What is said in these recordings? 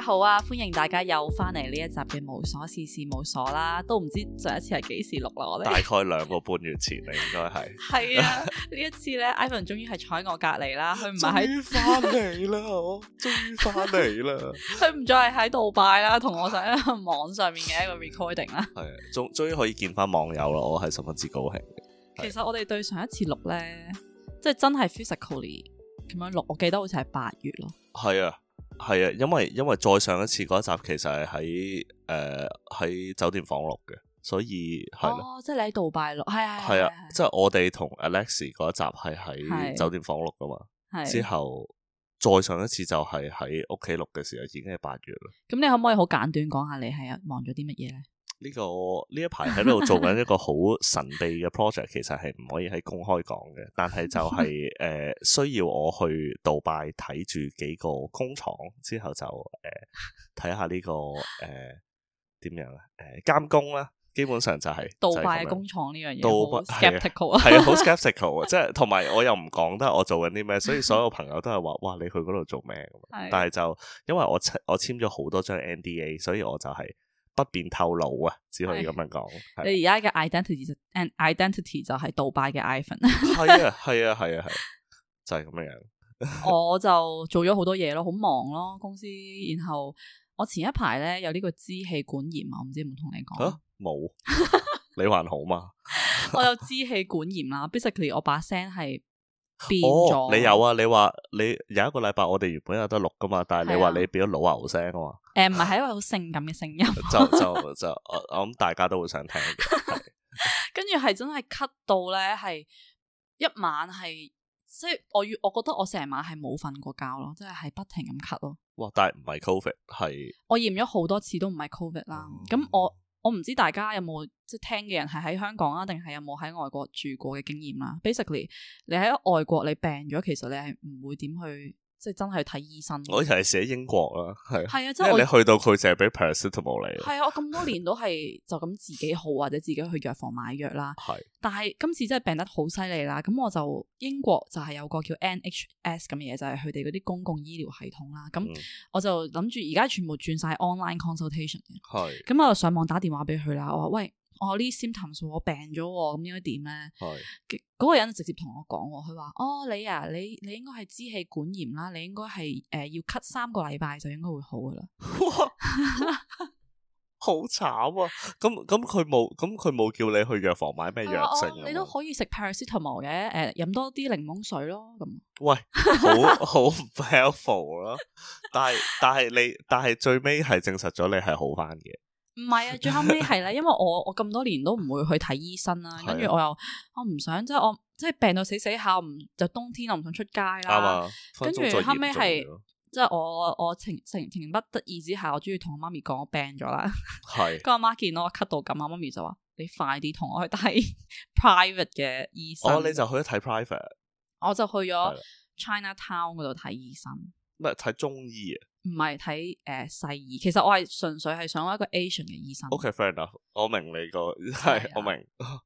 好啊！歡迎大家又翻嚟呢一集嘅無瑣事事務所啦，都唔知上一次係幾時錄啦，我哋大概兩個半月前你應該係係啊！呢一次咧，Ivan 終於係坐喺我隔籬啦，佢唔係喺翻嚟啦！我終於翻嚟啦！佢唔 再係喺杜拜啦，同我上一個網上面嘅一個 recording 啦、 啊。係，終終於可以見翻網友咯，我係十分之高興。其實我哋對上一次錄咧，即係真係 physically 咁樣錄，我記得好似係八月咯。係 啊。係啊，因為因為再上一次嗰一集其實係喺誒喺酒店房錄嘅，所以係咯，哦、的即係你喺杜拜錄，係啊，係啊的，即係我哋同 Alex 嗰一集係喺酒店房錄噶嘛，之後再上一次就係喺屋企錄嘅時候已經係八月啦。咁你可唔可以好簡短講下你係啊忙咗啲乜嘢咧？呢、這個呢一排喺度做緊一個好神秘嘅 project， 其實係唔可以喺公開講嘅，但係就係、是、誒、呃、需要我去杜拜睇住幾個工廠之後就誒睇、呃、下、這個呃、呢個誒點樣咧？誒、呃、監工啦，基本上就係、是、杜拜工廠呢樣嘢，杜拜 skeptical 啊，係啊，好 skeptical 即係同埋我又唔講得我做緊啲咩，所以所有朋友都係話，哇，你去嗰度做咩？但係就因為我簽我簽咗好多張 NDA，所以我就係、是。不便透露啊，只可以咁樣講。對對你而家嘅 identity and identity 就係杜拜嘅 iPhone 係啊，係啊，係啊，係、啊，就係咁嘅樣。 我就做咗好多嘢咯，好忙咯、啊，公司。然後我前一排咧有呢個支氣管炎啊，我唔知有冇同你講。冇， 你還好嘛？ 我有支氣管炎啦 ，basically 我把聲係變咗、哦。你有啊？你話你有一個禮拜我哋原本有得錄噶嘛？但係你話你變咗老牛聲啊？嘛。 誒，唔係係一個好性感嘅聲音，就就就我我諗大家都會想聽。跟住係真係咳到咧，係一晚係即係我，我覺得我成晚係冇瞓過覺咯，即係喺不停咁咳咯。哇！但係唔係 covid，係我驗咗好多次都唔係 covid 啦。咁、嗯、我我唔知大家有冇即係聽嘅人係喺香港啊，定係有冇喺外國住過嘅經驗啦、啊、？Basically，你喺外國你病咗，其實你係唔會點去。即係真係睇醫生，我以前係寫英國啦，係，係啊，即係你去到佢就係俾 prescription 嚟。係啊，我咁多年都係 就咁自己好或者自己去藥房買藥啦。係的，但係今次真係病得好犀利啦，咁我就英國就係有個叫 NHS 咁嘅嘢，就係佢哋嗰啲公共醫療系統啦。咁我就諗住而家全部轉晒 online consultation。係的，咁我就上網打電話俾佢啦，我話喂。哦，呢啲 symptoms 我病咗喎，咁應該點咧？係嗰是個人直接同我講，佢話：哦，你啊，你你應該係支氣管炎啦，你應該係誒、呃、要咳三個禮拜就應該會好噶啦。哇 好慘啊！咁咁佢冇咁佢冇叫你去藥房買咩藥食、哎哦。你都可以食 paracetamol 嘅，誒、呃、飲多啲檸檬水咯。咁喂，好 好 helpful 啦。但係但係你但係最尾係證實咗你係好翻嘅。唔係啊，最後尾係啦，因為我我咁多年都唔會去睇醫生啦、啊，跟住 我又我唔想即係我即係病到死死下，唔就冬天我唔想出街啦、啊。跟住後尾係即係我我情情情，情不得已之下，我終於同我媽咪講我病咗啦、啊。係個阿媽見到我咳到咁，阿媽咪就話：你快啲同我去睇 private 嘅醫生。哦，你就去咗睇 private？我就去咗 China Town 嗰度睇醫生，咩睇中醫啊。唔係睇誒細耳，其實我係純粹係想一個 Asian 嘅醫生。Okay, friend 啊，我明你個係，就是、我明。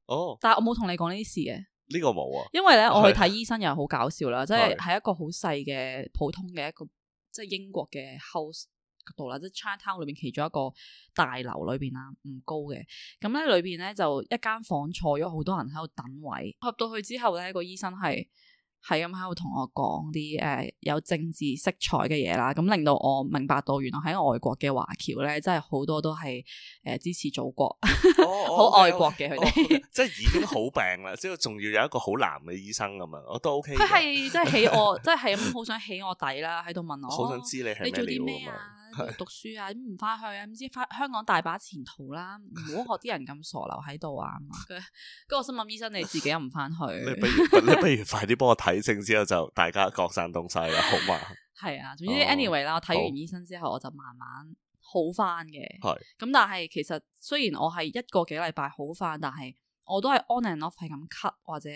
哦，但係我冇同你講呢啲事嘅。呢個冇啊，因為咧我去睇醫生又係好搞笑啦，即係喺一個好細嘅普通嘅一個，即係英國嘅 house 度啦，即係 Chinatown 裏邊其中一個大樓裏邊啊，唔高嘅。咁咧裏邊咧就一間房間，坐咗好多人喺度等位，入到去之後咧個醫生係。係咁喺度同我講啲誒有政治色彩嘅嘢啦，咁、嗯、令到我明白到，原來喺外國嘅華僑咧，真係好多都係誒、呃、支持祖國，好愛國嘅佢哋。即係已經好病啦，之後，仲要有一個好男嘅醫生咁樣，我都 OK。佢係即係起我，即係好想起我底啦，喺度問我，好想知你係做啲咩啊？ 讀書啊，唔翻去啊，唔知翻香港大把前途啦，唔好學啲人咁傻留喺度啊嘛。跟 住我心諗醫生，你自己又唔翻去 你，你不如你不如快啲幫我睇症，之後就大家各散東西啦，好嘛？係啊，總之 anyway 啦，睇、oh, 完醫生之後我就慢慢好翻嘅。係，咁但係其實雖然我係一個幾禮拜好翻，但係我都係 on and off 係咁咳或者。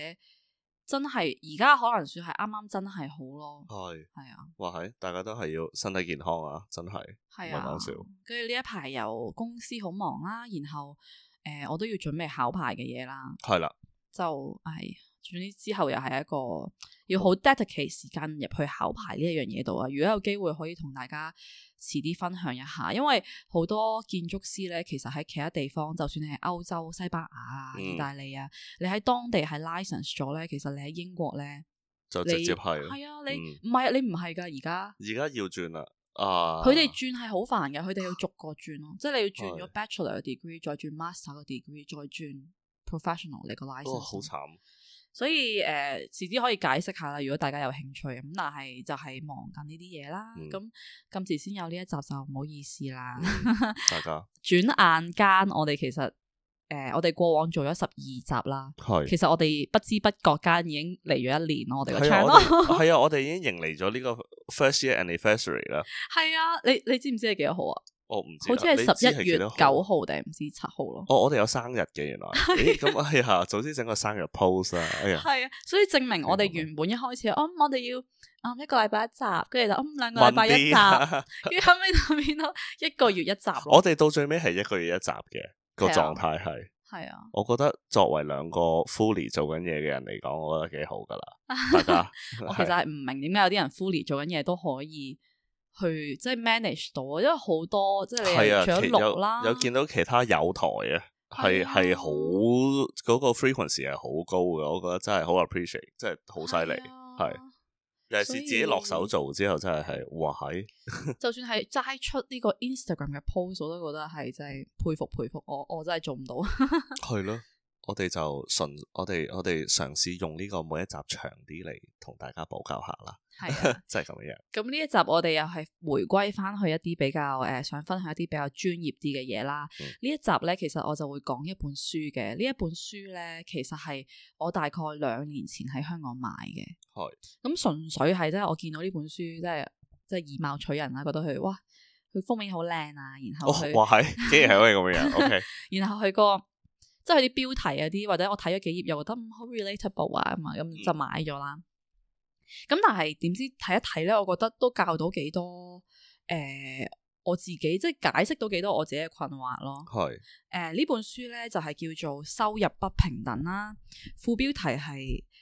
真係而家可能算係啱啱真係好咯，係係是啊，哇係大家都係要身體健康啊，真係，唔係講笑。跟住呢一排又公司好忙啦、啊，然後誒、呃、我都要準備考牌嘅嘢啦，係啦、啊，就係。總之之後又係一個要好 dedicate 時間入去考牌呢一樣嘢度啊！如果有機會可以同大家遲啲分享一下，因為好多建築師咧，其實喺其他地方，就算你係歐洲、西班牙啊、意大利啊，你喺當地係 license 咗咧，其實你喺英國咧就直接係係啊！你唔係，你唔係噶，而家而家要轉啦啊！佢哋轉係好煩嘅，佢哋要逐個轉咯，即係你要轉咗 bachelor 嘅 degree，再轉 master 嘅 degree，再轉 professional 你個 license 好慘。所以誒，遲、呃、啲可以解釋下啦，如果大家有興趣咁，但係就係忙緊呢啲嘢啦。咁、嗯、今次先有呢一集就唔好意思啦。嗯、大家 轉眼間，我哋其實誒、呃，我哋過往做咗十二集啦。係是，其實我哋不知不覺間已經嚟咗一年，我哋個 channel 咯。係啊，我哋、 啊、已經迎嚟咗呢個 first year anniversary 啦。係 啊，你你，你知唔知係幾多號啊？我唔知，好似係十一月九號定唔知七號咯。哦，我哋有生日嘅原來，誒， 咁哎呀，早知整個生日 pose 啊，哎呀，係啊，所以證明我哋原本一開始，嗯， 我哋要，嗯，一個禮拜一集，跟住就，嗯，兩個禮拜一集，跟住 後尾就變到一個月一集。 我哋到最尾係一個月一集嘅個狀態，係，係啊，我覺得作為兩個 fully 做緊嘢嘅人嚟講，我覺得幾好噶啦， 大家。 我其實係唔明點解有啲人 fully 做緊嘢都可以。去即係 manage 到，因為好多即係除咗六啦，有見到其他有台啊，係係好嗰個 frequency 係好高嘅，我覺得真係好 appreciate，真係好犀利，係、啊、尤其是自己落手做之後真，真係係哇喺，以 就算係齋出呢個 Instagram 嘅 post，我都覺得係真係佩服佩服，我我真係做唔到，係咯。我哋就純，我哋我哋嘗試用呢個每一集長啲嚟，同大家補教下啦，係、啊，即係咁樣。咁呢一集我哋又係回歸翻去一啲比較誒、呃，想分享一啲比較專業啲嘅嘢啦。呢、嗯、一集咧，其實我就會講一本書嘅。呢一本書咧，其實係我大概兩年前喺香港買嘅。係嘿。咁純粹係即係我見到呢本書真，即係即係以貌取人啦，覺得佢哇，佢封面好靚啊，然後、哦、哇係，竟然係可以咁樣，O K。 然後佢個。即係啲標題啊啲，或者我睇咗幾頁又覺得好 relatable 啊嘛，咁就買咗啦。咁、嗯、但係點知睇一睇咧，我覺得都教到幾多誒、呃，我自己即係解釋到幾多我自己嘅困惑咯。係誒是，呢、呃、本書咧就係、是、叫做《收入不平等》啦，副標題係。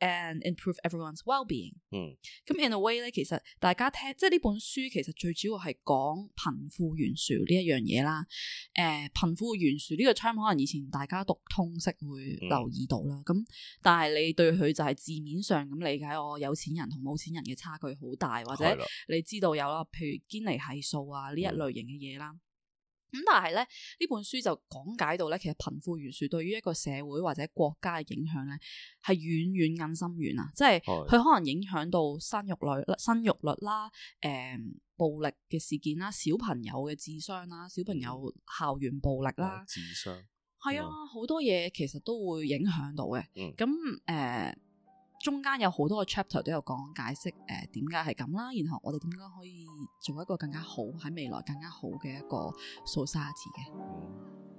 and improve everyone's well-being。嗯、mm，咁、hmm. in a way 咧，其實大家聽，即係呢本書其實最主要係講貧富懸殊呢一樣嘢啦。誒，貧富懸殊呢個 term 可能以前大家讀通識會留意到啦。咁，但係你對佢就係字面上咁理解，哦、hmm. you know,，有錢人同冇錢人嘅差距好大，或者你知道有啦，譬如堅尼係數啊呢一類型嘅嘢啦。咁但係咧，呢本書就講解到咧，其實貧富懸殊對於一個社會或者國家嘅影響咧，係遠遠更深遠啊！即係佢可能影響到生育率、生育率啦、誒、呃、暴力嘅事件啦、小朋友嘅智商啦、小朋友校園暴力啦、哦，智商係啊，好、嗯、多嘢其實都會影響到嘅。咁誒、嗯。中間有好多個 chapter 都有講解釋，誒點解係咁啦，然後我哋點解可以做一個更加好，喺未來更加好嘅一個 society 嘅。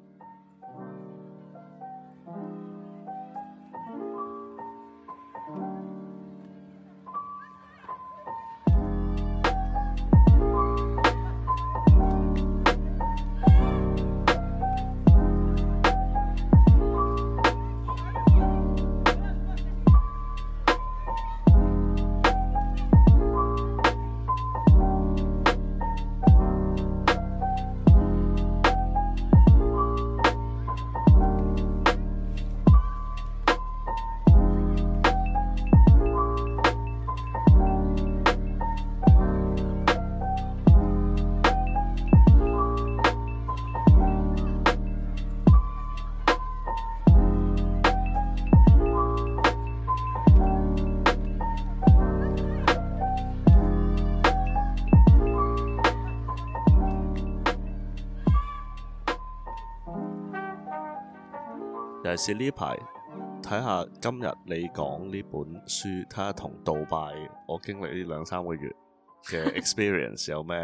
是呢排睇下今日你講呢本書，睇下同杜拜我經歷呢兩三個月嘅 experience 有咩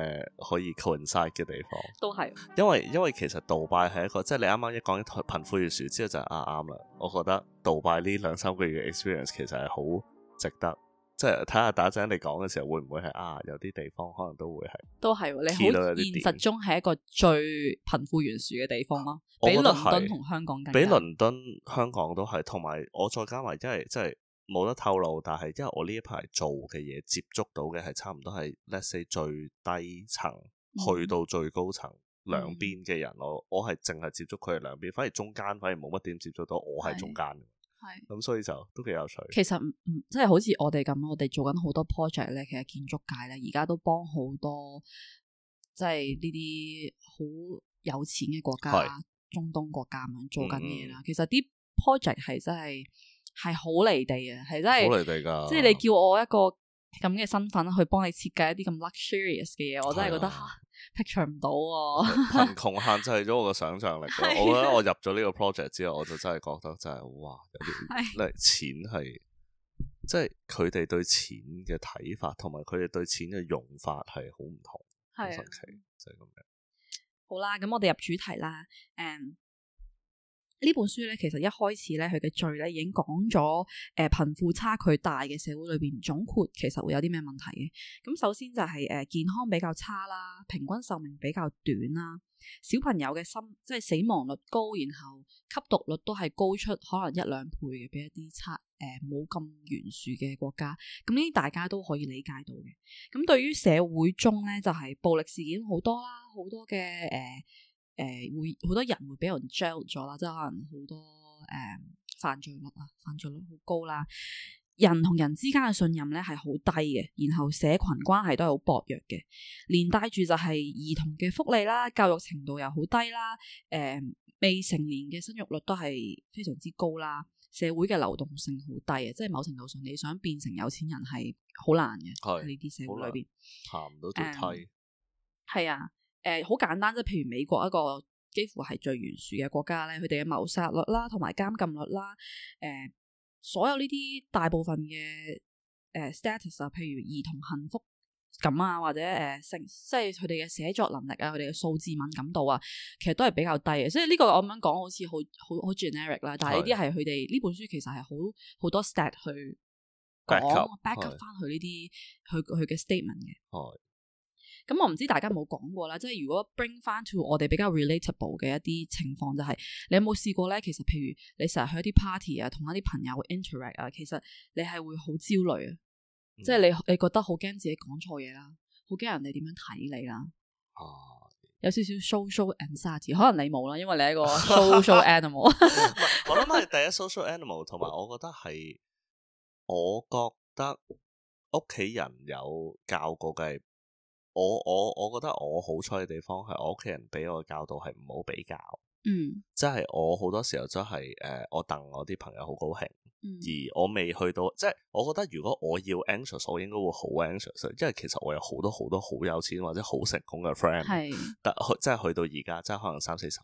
可以 coincide 嘅地方。都係是，因為因為其實杜拜係一個即係、就是、你啱啱一講啲貧富懸殊之後就係啱啱啦。我覺得杜拜呢兩三個月嘅 experience 其實係好值得。即係睇下打仔你講嘅時候，會唔會係啊？有啲地方可能都會係，都係你好現實中係一個最貧富懸殊嘅地方咯，比倫敦同香港緊。比倫敦、香港都係，同埋我再加埋，因為即係冇得透露，但係因為我呢一排做嘅嘢，接觸到嘅係差唔多係 Let's say，最低層，去到最高層兩邊嘅人咯、嗯。我係淨係接觸佢哋兩邊，反而中間反而冇乜點接觸到，我係中間。咁所以就都幾有趣。其實唔唔，即、嗯、係、就是、好似我哋咁，我哋做緊好多 project 咧。其實建築界咧，而家都幫好多即係呢啲好有錢嘅國家，是中東國家咁樣做緊嘢啦。嗯、其實啲 project 係真係係好離地啊，係真係好離地噶。即係你叫我一個。咁嘅身份去幫你設計一啲咁 luxurious 嘅嘢，我真係覺得 picture 唔、啊、哇到喎、啊。貧 窮限制咗我嘅想像力。啊、我覺得我入咗呢個 project 之後，我就真係覺得就係哇，嗱、啊、錢係即係佢哋對錢嘅睇法，同埋佢哋對錢嘅用法係好唔同，好、啊、神奇，就係、是、咁樣。好啦，咁我哋入主題啦，誒、嗯。呢本書咧，其實一開始咧，佢嘅序咧已經講咗，誒、呃、貧富差距大嘅社會裏邊總括其實會有啲咩問題嘅。咁首先就係、是、誒、呃、健康比較差啦，平均壽命比較短啦，小朋友嘅心即係死亡率高，然後吸毒率都係高出可能一兩倍嘅，比一啲差誒冇咁懸殊嘅國家。咁呢啲大家都可以理解到嘅。咁對於社會中咧，就係、是、暴力事件好多啦，好多嘅誒。呃誒、呃，會好多人會俾人 jail 咗啦，即係可能好多誒犯罪率啊，犯罪率好高啦，人同人之間嘅信任咧係好低嘅，然後社群關係都係好薄弱嘅，連帶住就係兒童嘅福利啦、教育程度又好低啦，誒、呃、未成年嘅生育率都係非常之高啦，社會嘅流動性好低啊，即係某程度上你想變成有錢人係好難嘅，喺呢啲社會裏邊行唔到條梯，係、嗯、啊。誒好、呃、簡單啫，譬如美國一個幾乎係最懸殊嘅國家咧，佢哋嘅謀殺率啦，同埋監禁率啦，誒、呃、所有呢啲大部分嘅誒 status 啊，呃、status，譬如兒童幸福感啊，或者誒性、呃、即係佢哋嘅寫作能力啊，佢哋嘅數字敏感度啊，其實都係比較低嘅，所以呢個我咁樣講好似好好好 generic 啦，generic，但係呢啲係佢哋呢本書其實係好好多 stat 去 back up back up 翻佢呢啲佢佢嘅 statement 嘅。咁我唔知大家冇講過啦，即係如果 bring 翻到我哋比較 relatable 嘅一啲情況，就係你有冇試過咧？其實譬如你成日去一啲 party 啊，同一啲朋友 interact 啊，其實你係會好焦慮啊，嗯、即係你你覺得好驚自己講錯嘢啦，好驚人哋點樣睇你啦。啊，有少少 social anxiety，可能你冇啦，因為你係一個 social animal。我諗係第一 social animal，同埋 我覺得係，我覺得屋企人有教過嘅。我我我覺得我好彩嘅地方係我屋企人俾我教導係唔好比較。嗯，即係我好多時候即係誒，我戥我啲朋友好高興。嗯、而我未去到，即係我覺得如果我要 anxious 我應該會好 anxious 因為其實我有好多好多好有錢或者好成功嘅 friend，是但係即係去到而家即係可能三四十，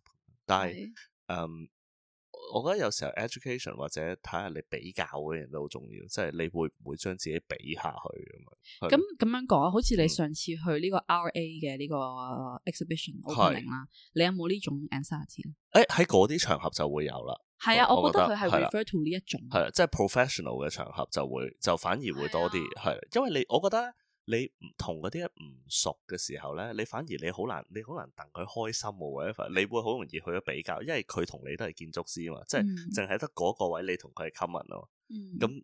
但係是嗯。我覺得有時候 education 或者睇下你比較嘅人都好重要，即係你會唔會將自己比下去咁啊？咁咁樣講，好似你上次去呢個 RA 嘅呢個 exhibition opening，嗯、啦，嗯、你有冇呢種 anxiety？喺嗰啲場合就會有啦。係啊的，我覺得佢係 refer to 呢的一種係，即係，就是、professional 嘅場合就會就反而會多啲係的的，因為你我覺得。你唔同嗰啲唔熟嘅時候咧，你反而你好難，你好難戥佢開心喎。一份你會好容易去比較，因為佢同你都係建築師啊嘛，嗯、即係淨係得嗰個位你同佢係 common 咯。咁嗰，嗯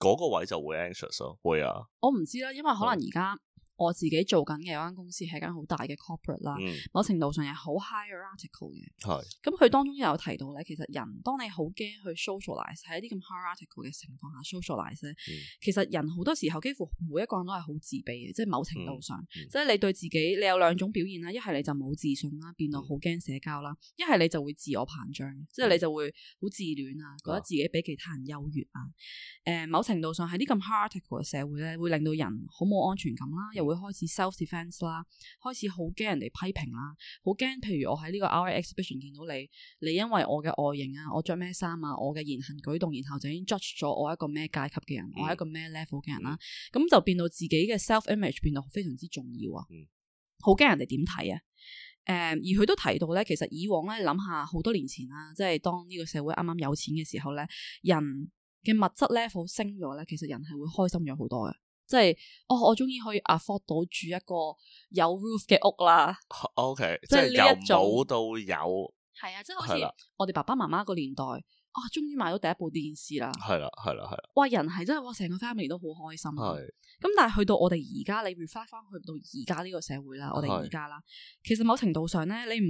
嗰個位就會 anxious 咯，會啊。我唔知啦，因為可能而家。嗯我自己做緊嘅有間公司係間好大嘅 corporate 啦，嗯、某程度上係好 hierarchical 嘅。係。咁佢是當中又有提到咧，其實人當你好驚去 socialize 喺啲咁 hierarchical 嘅情況下 socialize、嗯、其實人好多時候幾乎每一個人都係好自卑嘅，即係某程度上，嗯嗯、即係你對自己你有兩種表現啦，一係、嗯、你就冇自信啦，變到好驚社交啦；一係你就會自我膨脹，即係、嗯、你就會好自戀啊，覺得自己比其他人優越啊。誒，某程度上喺啲咁 hierarchical 嘅社會咧，會令到人好冇安全感啦。會開始 self defence 啦，開始好驚人哋批評啦，好驚。譬如我喺呢個 RI exhibition 見到你，你因為我嘅外形啊，我着咩衫啊，我嘅言行舉動，然後就已經 judge 咗我一個咩階級嘅人，嗯、我係一個咩 level 嘅人啦。咁、嗯、就變到自己嘅 self image 變到非常之重要啊，好驚人哋點睇啊。誒，而佢都提到咧，其實以往咧，諗下好多年前啦、啊，即係當呢個社會啱啱有錢嘅時候咧，人嘅物質 level 升咗咧，其實人係會開心咗好多嘅。即係哦，我終於可以 afford 到住一個有 roof 嘅屋啦。OK，即係由冇到有，係啊，即係好似我哋爸爸媽媽個年代，啊、哦，終於買到第一部電視啦。係啦，係啦，係啦。哇，人係真係，哇，成個 family 都好開心。係的，咁但係去到我哋而家，你回翻翻去到而家呢個社會啦，我哋而家啦，的其實某程度上咧，你唔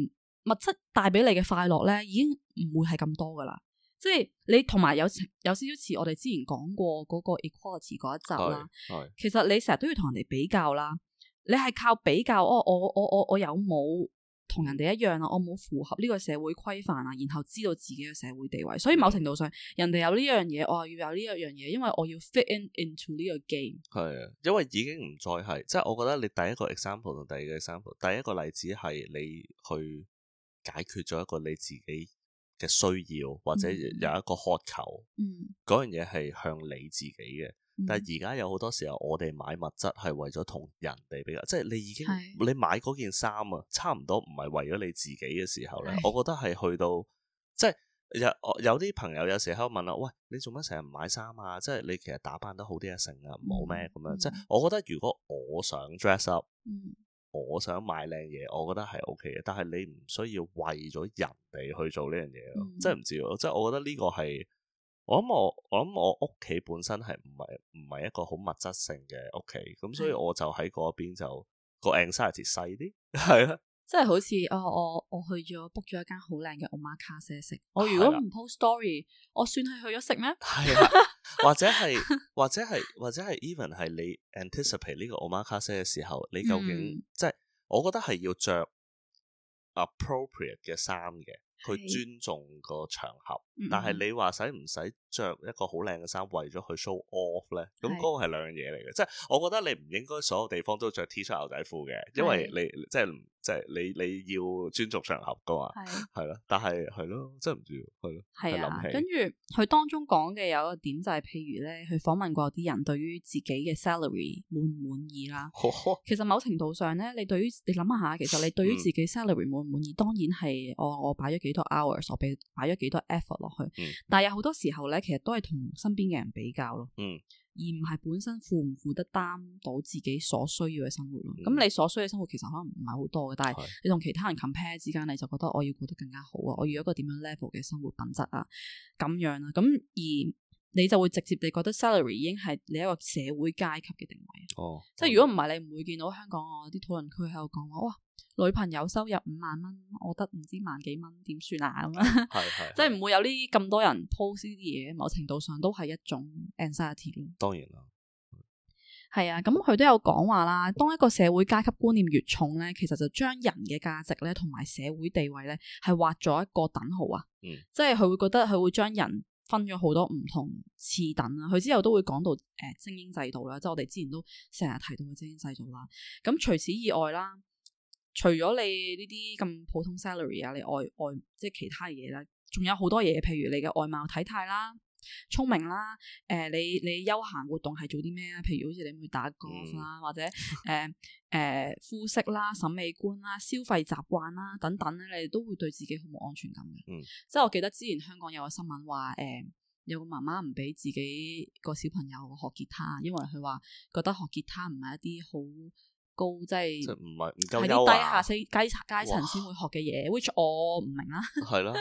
物質帶俾你嘅快樂咧，已經唔會係咁多噶啦。即係你同埋有有少少似我哋之前講過嗰個 equality 嗰一集啦。其實你成日都要同人哋比較啦。你係靠比較哦，我我我我有冇同人哋一樣啊？我冇符合呢個社會規範啊，然後知道自己嘅社會地位。所以某程度上，人哋有呢樣嘢，我又要有呢一樣嘢，因為我要 fit in into 呢個 game。係，因為已經唔再係，即係我覺得你第一個 example 同第二個 example，第一個例子係你去解決咗一個你自己。嘅需要或者有一個渴求，嗰樣嘢係向你自己嘅。嗯、但係而家有好多時候，我哋買物質係為咗同人哋比較，即係你已經是你買嗰件衫啊，差唔多唔係為咗你自己嘅時候咧，是我覺得係去到即係有有啲朋友有時候問啦，喂，你做乜成日唔買衫啊？即係你其實打扮得好啲啊，成啊，唔好咩咁樣？嗯、即係我覺得如果我想 dress up、嗯。我想買靚嘢，我覺得係 O K 嘅，但係你唔需要為咗人哋去做呢樣嘢咯，即係唔知，即係我覺得呢個係我諗我我諗我屋企本身係唔係唔係一個好物質性嘅屋企，咁所以我就喺嗰邊就 S、嗯、 個 anxiety 細啲。 .即係好似啊、哦，我我去咗 book 咗一間好靚嘅 o m 卡車食。的我如果唔 post story，我算係去咗食咩？係啦的， 或者係，或者係，或者係，even 係你 anticipate 呢個 o m 卡車嘅時候，你究竟即係、嗯就是？我覺得係要着 appropriate 嘅衫嘅，去尊重個場合。的但係你話使唔使？着一個好靚嘅衫，為咗去 show off 咧，咁、那、嗰個係兩樣嘢嚟嘅。即係是的 我覺得你唔應該所有地方都着 T 恤牛仔褲嘅，因為你即係即係你、就是就是、你，你要尊重場合噶嘛，係咯。但係係咯，真係唔知喎，係咯。係啊的，諗起。跟住佢當中講嘅有一個點就係、是，譬如咧，佢訪問過啲人對於自己嘅 salary 滿唔滿意啦。 其實某程度上咧，你對於你諗下，其實你對於自己 salary 滿唔、嗯、滿，滿意，當然係我我擺咗幾多 hours，我俾擺咗幾多 effort 落去。但係有好多時候咧。其實都係同身邊嘅人比較咯，嗯、而唔係本身負唔負得擔到自己所需要嘅生活咯。咁、嗯、你所需嘅生活其實可能唔係好多嘅，但係你同其他人 compare 之間，你就覺得我要過得更加好啊，我要一個點樣 level 嘅生活品質啊，咁樣啦、啊。咁而你就會直接地覺得 salary 已經係你一個社會階級嘅定位，哦嗯、即係如果唔係你唔會見到香港我啲討論區喺度講話，哇女朋友收入五萬蚊，我得唔知萬幾蚊點算啊咁樣，即係唔會有呢咁多人 post 呢啲嘢，某程度上都係一種 anxiety 嘅。當然啦，係、嗯、啊，咁佢都有講話啦。當一個社會階級觀念越重咧，其實就將人嘅價值咧同埋社會地位咧係畫咗一個等號啊。嗯，即係佢會覺得佢會將人。分咗好多唔同次等啦，佢之後都會講到誒、欸、精英制度啦，即係我哋之前都成日提到嘅精英制度啦。咁除此以外啦，除咗你呢啲咁普通 salary 啊，你外外即係其他嘢咧，仲有好多嘢，譬如你嘅外貌體態啦。聰明啦，誒、呃，你你休閒活動係做啲咩啊？譬如好似你會打 golf 啦，mm. 或者誒誒膚色啦、審、呃、美觀啦、消費習慣啦等等咧，你都會對自己好冇安全感嘅。Mm. 即係我記得之前香港有個新聞話，誒、呃、有個媽媽唔俾自己個小朋友學吉他，因為佢話覺得學吉他唔係一啲好。高即係，即係唔係唔夠係啲低下階階層先會學嘅嘢哇，which 我唔明啦。 係啦，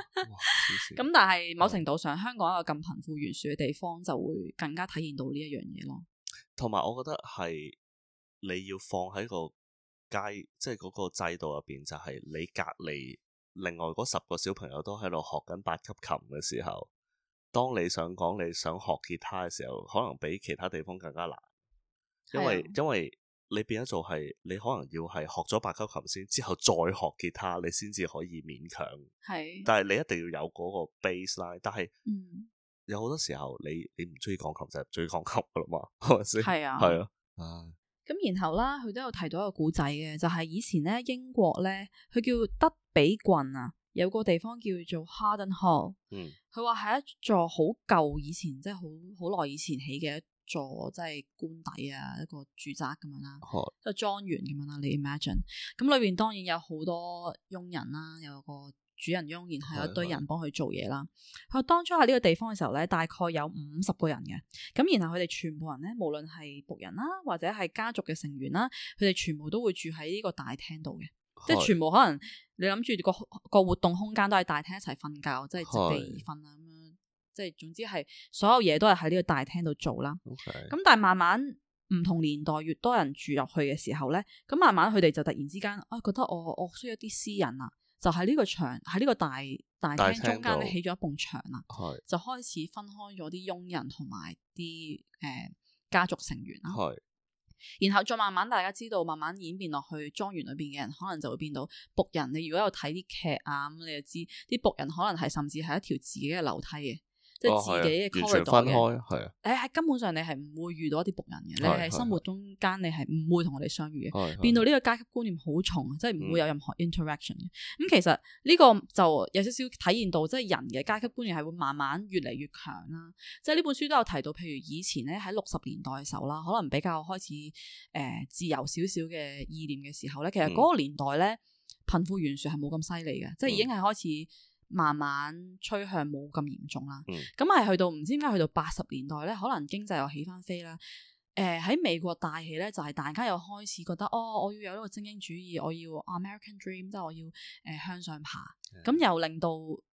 咁但係某程度上，嗯、香港有一個咁貧富懸殊嘅地方，就會更加體現到呢一樣嘢咯。同埋，我覺得係你要放喺個街，即、就、係、是、個制度入邊，就係你隔籬另外嗰十個小朋友都喺度學緊八級琴嘅時候，當你想講你想學吉他嘅時候，可能比其他地方更加難，因為、啊、因為。你變咗做係，你可能要係學咗八級琴先，之後再學吉他，你先至可以勉強。係是，但係你一定要有嗰個 base line 但。但係、嗯，有好多時候你你唔中意鋼琴就係唔中意鋼琴噶啦嘛，係咪先？係啊，係咯，啊。咁、嗯、然後啦，佢都有提到一個古仔嘅，就係、是、以前咧英國咧，佢叫德比郡啊，有個地方叫做 Harden Hall。嗯。佢話係一座好舊，以前即係好好耐以前起嘅。座即係官邸啊，一個住宅咁樣啦， 一個莊園咁樣啦。你 imagine 咁裏邊當然有好多傭人啦，有個主人翁，係有一堆人幫佢做嘢啦。 當初喺呢個地方嘅時候咧，大概有五十個人嘅。咁然後佢哋全部人咧，無論係僕人啦，或者係家族嘅成員啦，佢哋全部都會住喺呢個大廳度嘅， 即係全部可能你諗住個個活動空間都係大廳一齊瞓覺，即係直地瞓啦。 即係總之係所有嘢都係喺呢個大廳度做啦。咁 Okay. 但係慢慢唔同年代越多人住入去嘅時候咧，咁慢慢佢哋就突然之間啊、哎、覺得我我需要一啲私隱啦、啊，就喺呢個場，喺呢個大大廳中間咧起咗一埲牆啦，的就開始分開咗啲傭人同埋啲誒家族成員啦，的然後再慢慢大家知道，慢慢演變落去莊園裏邊嘅人可能就會變到僕人。你如果有睇啲劇啊咁，你就知啲僕人可能係甚至係一條自己嘅樓梯嘅。即係自己嘅分開嘅，係、哦，誒喺、哎、根本上你係唔會遇到一啲僕人嘅，的你係生活中間你係唔會同我哋相遇嘅，的變到呢個階級觀念好重，的即係唔會有任何 interaction。嘅、嗯。咁、嗯、其實呢個就有少少體驗到，即係人嘅階級觀念係會慢慢越嚟越強啦。即係呢本書都有提到，譬如以前咧喺六十年代嘅時候啦，可能比較開始誒、呃、自由少少嘅意念嘅時候咧，其實嗰個年代咧貧富懸殊係冇咁犀利嘅，即係已經係開始。慢慢趨向冇咁嚴重啦，咁係、嗯、去到唔知點解去到八十年代咧，可能經濟又起翻飛啦。誒、呃、喺美國大起咧，就係、是、大家又開始覺得，哦，我要有呢個精英主義，我要 American Dream，即係我要誒、呃、向上爬。咁、嗯、又令到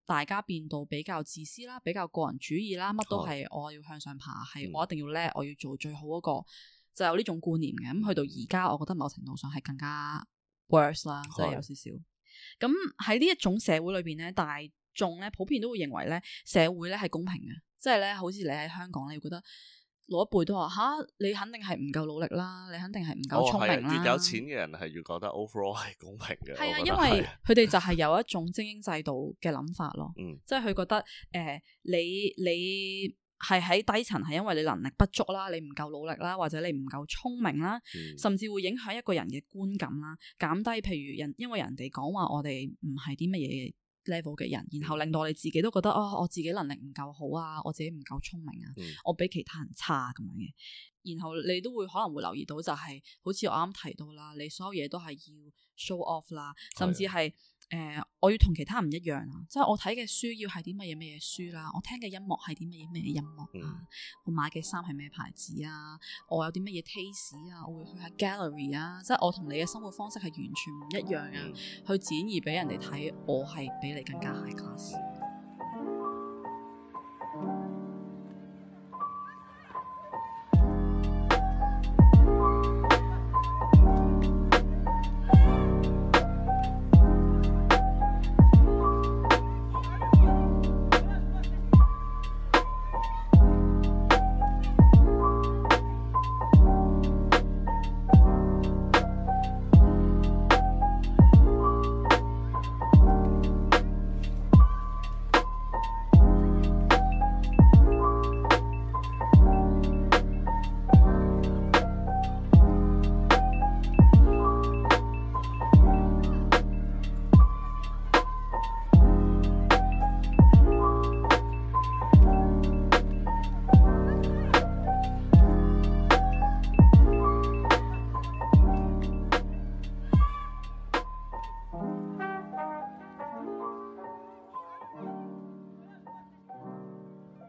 大家變到比較自私啦，比較個人主義啦，乜都係我要向上爬，係、嗯、我一定要叻，我要做最好嗰個，就有呢種觀念嘅。咁去、嗯、到而家，我覺得某程度上係更加 worse 啦，即係、嗯、有少少。咁喺呢一種社會裏邊咧，大衆咧普遍都會認為咧，社會咧係公平嘅，即係咧，好似你喺香港你會覺得老一輩都話吓，你肯定係唔夠努力啦，你肯定係唔夠聰明啦、哦、越有錢嘅人係越覺得 overall 係公平嘅。係啊的，因為佢哋就係有一種精英制度嘅諗法咯，嗯、即係佢覺得誒、呃，你你係喺低層係，因為你能力不足啦，你唔夠努力啦，或者你唔夠聰明啦，嗯、甚至會影響一個人嘅觀感啦，減低譬如人因為人哋講話我哋唔係啲乜嘢 level 嘅人，嗯、然後令到你自己都覺得啊、哦，我自己能力唔夠好啊，我自己唔夠聰明啊，嗯、我比其他人差咁樣嘅，然後你都會可能會留意到就係、是，好似我啱提到啦，你所有嘢都係要 show off 啦，甚至係。嗯誒、呃，我要同其他唔一樣啊。即係我睇嘅書要係啲乜嘢乜嘢書啦，我聽嘅音樂係啲乜嘢乜嘢音樂啊，嗯、我買嘅衫係咩牌子啊，我有啲乜嘢 taste 啊，我會去下 gallery 啊，即係我同你嘅生活方式係完全唔一樣啊。嗯、去展現俾人哋睇，我係比你更加 high class。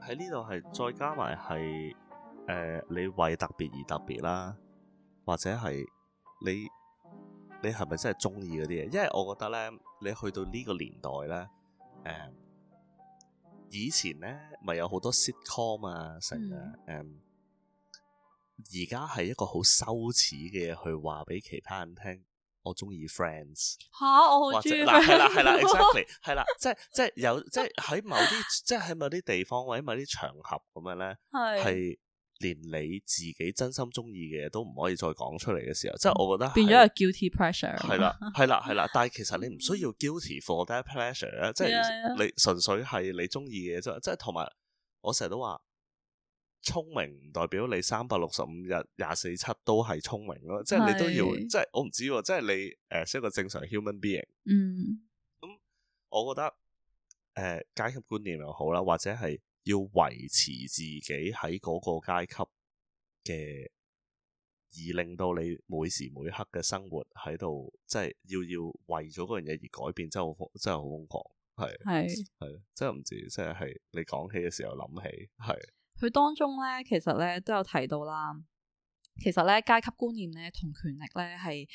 喺呢度係再加埋係，誒、呃，你為特別而特別啦，或者係你，你係咪真係中意嗰啲嘢？因為我覺得咧，你去到呢個年代咧，誒、嗯，以前咧咪有好多 sitcom 啊，成日誒，而家係一個好羞恥嘅，去話俾其他人聽。我中意 Friends 吓，我好中意嗱，係者 啦係啦,啦，exactly 係 啦，即係即係有即係喺某啲 即係喺某啲地方或者某啲場合咁樣咧，係是連你自己真心中意嘅嘢都唔可以再講出嚟嘅時候，即係我覺得變咗係 guilty pressure 係嗎啦係啦係啦，但係其實你唔需要 guilty for that pressure 啊， 即係你純粹係你中意嘅嘢啫，即係同埋我成日都話。聰明唔代表你三百六十五日廿四七都係聰明咯，即係你都要，是即係我唔知，即係你誒，一、呃、個正常 human being。嗯。咁、嗯，我覺得誒、呃、階級觀念又好啦，或者係要維持自己喺嗰個階級嘅，而令到你每時每刻嘅生活喺度，即係要要為咗嗰樣嘢而改變，真係好真係好瘋狂，係係，即係唔知，即係係你講起嘅時候諗起，係。佢當中咧，其實咧都有提到啦。其實咧階級觀念咧同權力咧係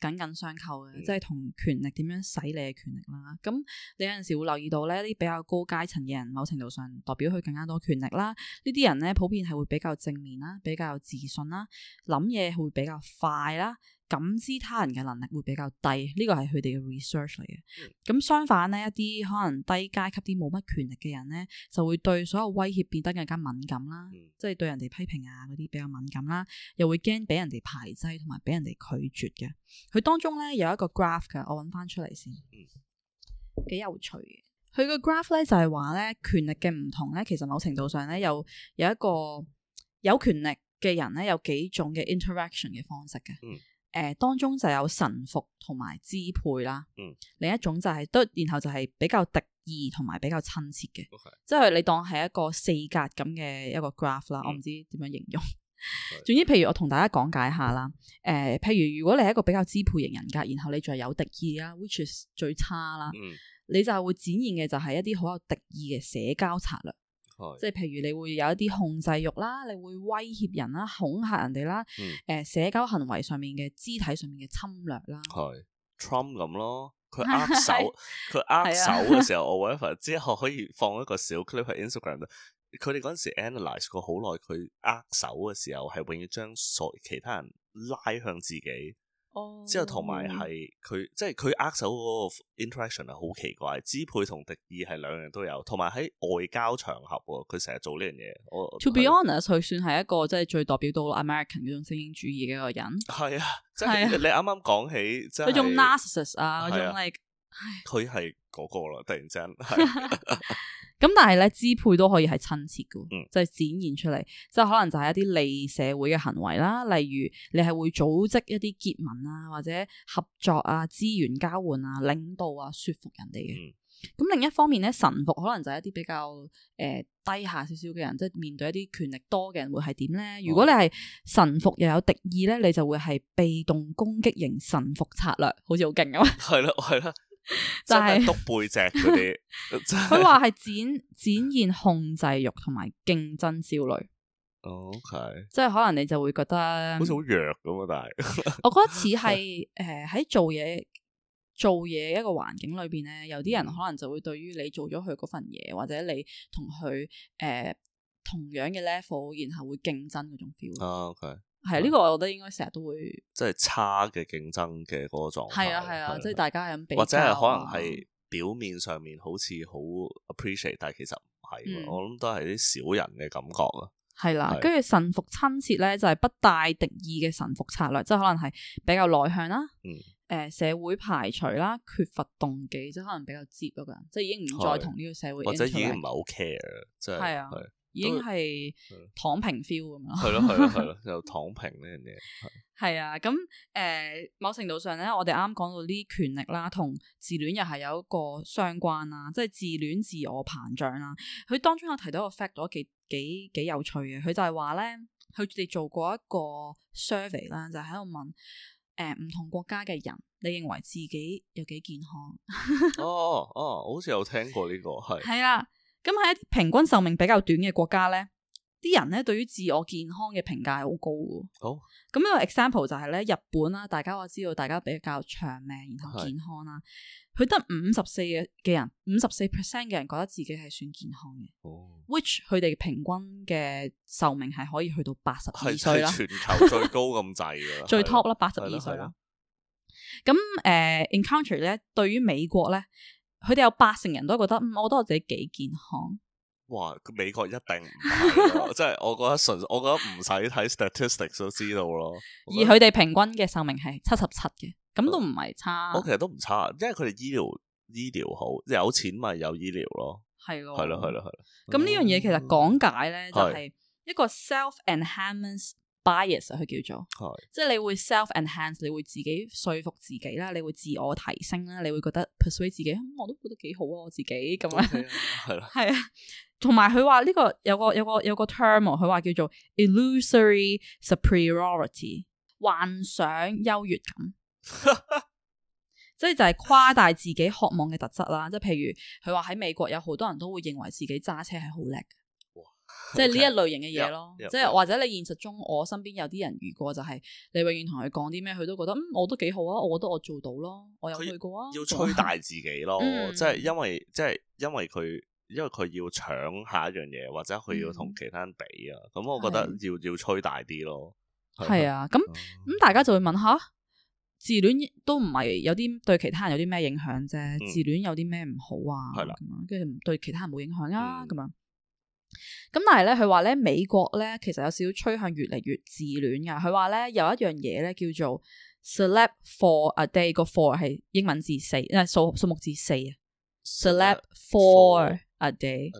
緊緊相扣嘅，的即係同權力點樣使你嘅權力啦。咁你有陣時會留意到咧，啲比較高階層嘅人，某程度上代表佢更加多權力啦。呢啲人咧普遍係會比較正面啦，比較有自信啦，諗嘢會比較快啦。感知他人嘅能力會比較低，呢個係佢哋嘅 research 嚟嘅。咁、嗯、相反呢，一啲可能低階級、啲冇乜權力嘅人呢，就會對所有威脅變得更加敏感啦，即係對人哋批評啊嗰啲比較敏感啦、嗯，又會驚俾人哋排擠同埋俾人哋拒絕嘅。佢當中呢有一個 graph 嘅，我揾翻出嚟先，幾有趣嘅。佢個 graph 呢就係話呢權力嘅唔同呢，其實某程度上呢有有一個有權力嘅人呢，有幾種嘅 interaction 嘅方式嘅。嗯誒、呃，當中就有臣服同埋支配啦，嗯、另一種就係、是、都，然後就係比較敵意同埋比較親切嘅，Okay. 即係你當係一個四格咁嘅一個 graph 啦，嗯、我唔知點樣形容。 總之，譬如我同大家講解下啦，誒、呃，譬如如果你係一個比較支配型人格，然後你仲係有敵意啦，which is 最差啦，嗯、你就會展現嘅就係一啲好有敵意嘅社交策略。即係譬如你會有一啲控制欲啦，你會威脅人啦，恐嚇人哋啦，誒、嗯呃、社交行為上面嘅肢體上面嘅侵略啦，Trump 咁、嗯、咯，佢握手，佢 握手嘅時候，Oliver 之後可以放一個小 clip 喺 Instagram 度，佢哋嗰陣時 analyse 過好耐，佢握手嘅時候係永遠將所其他人拉向自己。之後同埋係佢，即係佢握手嗰個 interaction 係好奇怪，支配同敵意係兩樣都有，同埋喺外交場合，佢成日做呢樣嘢。我 To be honest，佢是算係一個即係最代表到 American 呢種精英主義嘅一個人。係啊，即係、啊、你啱啱講起，即係嗰種 narcissus 啊，種、啊、like，佢係嗰個啦，突然之間。 咁但係咧，支配都可以係親切嘅，嗯、就展現出嚟，即、就、係、是、可能就係一啲利社會嘅行為啦，例如你係會組織一啲結盟啊，或者合作啊，資源交換啊，領導啊，說服人哋嘅。咁、嗯、另一方面咧，臣服可能就係一啲比較誒、呃、低下少少嘅人，即、就、係、是、面對一啲權力多嘅人會係點咧？哦、如果你係臣服又有敵意咧，你就會係被動攻擊型臣服策略，好似好勁咁啊！係啦，係啦。就係督背脊嗰啲，佢話係展展現控制欲同埋競爭焦慮。Oh, OK，即係可能你就會覺得好似好弱咁啊！但係 我覺得似係誒喺做嘢做嘢一個環境裏邊咧，有啲人可能就會對於你做咗佢嗰份嘢，或者你同佢誒同樣嘅 level，然後會競爭嗰種 feel。Oh, OK。係呢、 這個，我覺得應該成日都會，即係差嘅競爭嘅嗰個狀態。係啊係啊，即係大家喺度比較。或者係可能係表面上面好似好 appreciate，但係其實唔係。嗯、我諗都係啲小人嘅感覺啊。係啦，跟住是臣服親切咧，就係、是、不帶敵意嘅臣服策略，即、就、係、是、可能係比較內向啦。誒、嗯呃，社會排除啦，缺乏動機，即、就、係、是、可能比較接嗰個人，即、就、係、是、已經唔再同呢個社會 interact。或者已經唔係好 care 即係。係啊。的已經係躺平 feel 咁樣，係咯係咯係咯，就躺平呢樣嘢係啊。咁誒，某程度上咧，我哋啱講到呢啲權力啦，同自戀又係有一個相關啦，即係自戀自我膨脹啦。佢當中有提到一個 fact，我幾幾幾有趣嘅，佢就係話咧，佢哋做過一個 survey 啦，就喺度問誒唔同國家嘅人，你認為自己有幾健康？哦 哦，我、哦、好似有聽過呢、這個係，係啊。咁喺一啲平均壽命比較短嘅國家咧，啲人咧，對於自我健康嘅評價係好高嘅。好咁，一個 example 就係咧日本啦，大家我知道大家比較長命，然後健康啦，佢得五十四嘅嘅人，五十四 percent 嘅人覺得自己係算健康嘅。哦，which 佢哋平均嘅壽命係可以去到八十二歲啦，全球最高咁滯嘅啦，最 top 啦，八十二歲啦。咁誒，encounter 咧，對於美國咧。佢哋有八成人都覺得，嗯、我覺得我自己幾健康。哇！美國一定唔係，即係我覺得純粹，我覺得唔使睇 statistics 都知道咯。而佢哋平均嘅壽命係七十七嘅，咁都唔係差，啊嗯。我其實都唔差，因為佢哋醫療醫療好，即係有錢咪有醫療咯。係咯的，係咯，係咯，係咯。咁呢、嗯、樣嘢其實講解咧的就係一個 self-enhancement。En Bias 佢叫做，的即係你會 self enhance，你會自己說服自己啦，你會自我提升啦，你會覺得 persuade 自己，我都覺得幾好啊，我自己咁樣，係咯，係啊，同埋佢話呢個有個有個有個 term 佢話叫做 illusory superiority，幻想優越感， 即係就係誇大自己渴望嘅特質啦，即係譬如佢話喺美國有好多人都會認為自己揸車係好叻。即係呢一類型嘅嘢咯，即係或者你現實中我身邊有啲人遇過就係你永遠同佢講啲咩，佢都覺得嗯，我都幾好啊，我覺得我做到咯，我有去過啊，要吹大自己咯，即係因為即係因為佢因為佢要搶下一樣嘢，或者佢要同其他人比啊，咁我覺得要要吹大啲咯，係啊，咁咁大家就會問下：「自戀都唔係有啲對其他人有啲咩影響啫，自戀有啲咩唔好啊？」係啦，咁樣跟住對其他人冇影響啊，咁啊。咁但係咧，佢話咧美國咧，其實有少少趨向越嚟越自戀噶。佢話咧有一樣嘢咧叫做 celeb for a day 個 for 係英文字四，誒數數目字四。celeb for, for a day，